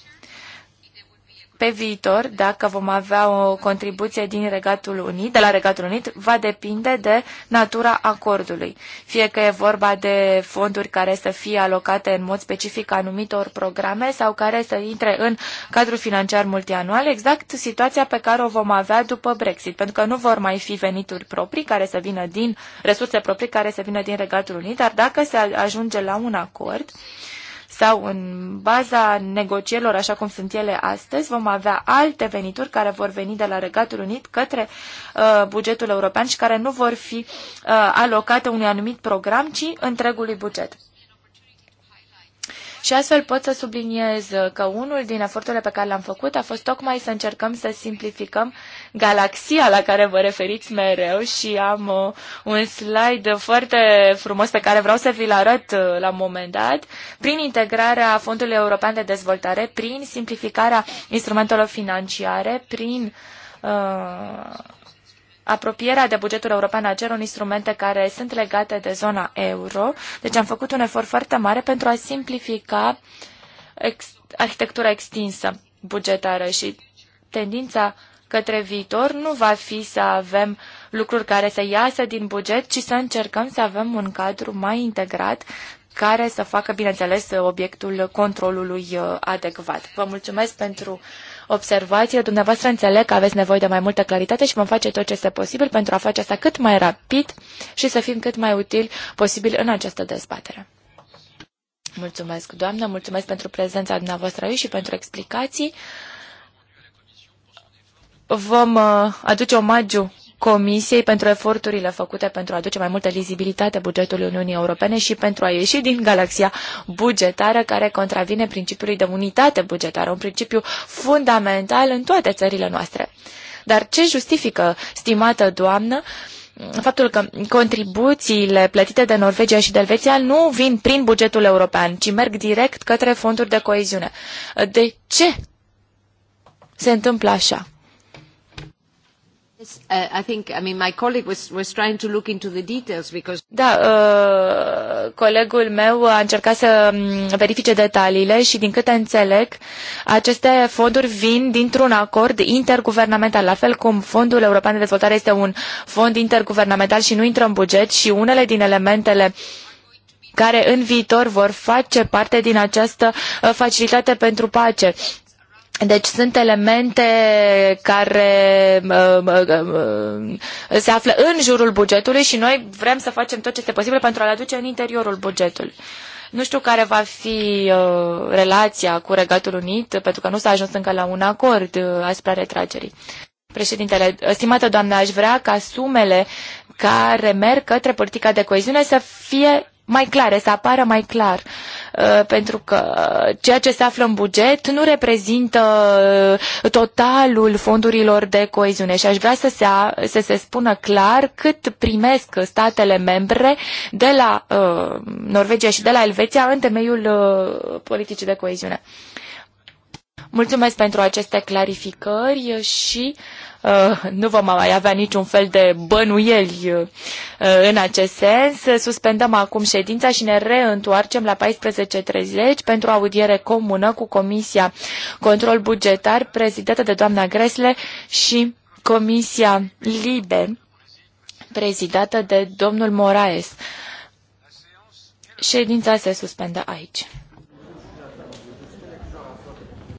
pe viitor, dacă vom avea o contribuție din Regatul Unit, de la Regatul Unit, va depinde de natura acordului. Fie că e vorba de fonduri care să fie alocate în mod specific anumitor programe sau care să intre în cadrul financiar multianual, exact situația pe care o vom avea după Brexit, pentru că nu vor mai fi venituri proprii care să vină din resurse proprii care să vină din Regatul Unit, dar dacă se ajunge la un acord, sau în baza negocierilor așa cum sunt ele astăzi, vom avea alte venituri care vor veni de la Regatul Unit către uh, bugetul european și care nu vor fi uh, alocate unui anumit program, ci întregului buget. Și astfel pot să subliniez că unul din eforturile pe care le-am făcut a fost tocmai să încercăm să simplificăm galaxia la care vă referiți mereu și am uh, un slide foarte frumos pe care vreau să vi-l arăt uh, la un moment dat, prin integrarea Fondului European de Dezvoltare, prin simplificarea instrumentelor financiare, prin uh, apropierea de bugetul european a cerut instrumente care sunt legate de zona euro, deci am făcut un efort foarte mare pentru a simplifica ex- arhitectura extinsă bugetară și tendința către viitor nu va fi să avem lucruri care să iasă din buget, ci să încercăm să avem un cadru mai integrat care să facă, bineînțeles, obiectul controlului uh, adecvat. Vă mulțumesc pentru observațiile dumneavoastră. Înțeleg că aveți nevoie de mai multă claritate și vom face tot ce este posibil pentru a face asta cât mai rapid și să fim cât mai utili posibil în această dezbatere. Mulțumesc, doamnă, mulțumesc pentru prezența dumneavoastră aici și pentru explicații. Vom uh, aduce omagiu Comisiei pentru eforturile făcute pentru a aduce mai multă lizibilitate bugetului Uniunii Europene și pentru a ieși din galaxia bugetară care contravine principiului de unitate bugetară, un principiu fundamental în toate țările noastre. Dar ce justifică, stimată doamnă, faptul că contribuțiile plătite de Norvegia și de Elveția nu vin prin bugetul european, ci merg direct către fonduri de coeziune. De ce se întâmplă așa? Da, colegul meu a încercat să mm, verifice detaliile și din câte înțeleg, aceste fonduri vin dintr-un acord interguvernamental, la fel cum Fondul European de Dezvoltare este un fond interguvernamental și nu intră în buget și unele din elementele care în viitor vor face parte din această uh, facilitate pentru pace deci sunt elemente care uh, uh, uh, se află în jurul bugetului și noi vrem să facem tot ce este posibil pentru a le aduce în interiorul bugetului. Nu știu care va fi relația cu Regatul Unit, pentru că nu s-a ajuns încă la un acord asupra retragerii. Președintele, stimată doamnă, aș vrea ca sumele care merg către politica de coeziune să fie mai clare, să apară mai clar, uh, pentru că ceea ce se află în buget nu reprezintă totalul fondurilor de coeziune și aș vrea să se, a, să se spună clar cât primesc statele membre de la uh, Norvegia și de la Elveția în temeiul uh, politicii de coeziune. Mulțumesc pentru aceste clarificări și Uh, nu vom mai avea niciun fel de bănuieli uh, uh, în acest sens. Suspendăm acum ședința și ne reîntoarcem la 14.30 pentru audiere comună cu Comisia Control Bugetar, prezidată de doamna Gresle și Comisia Libe, prezidată de domnul Moraes. Ședința se suspendă aici.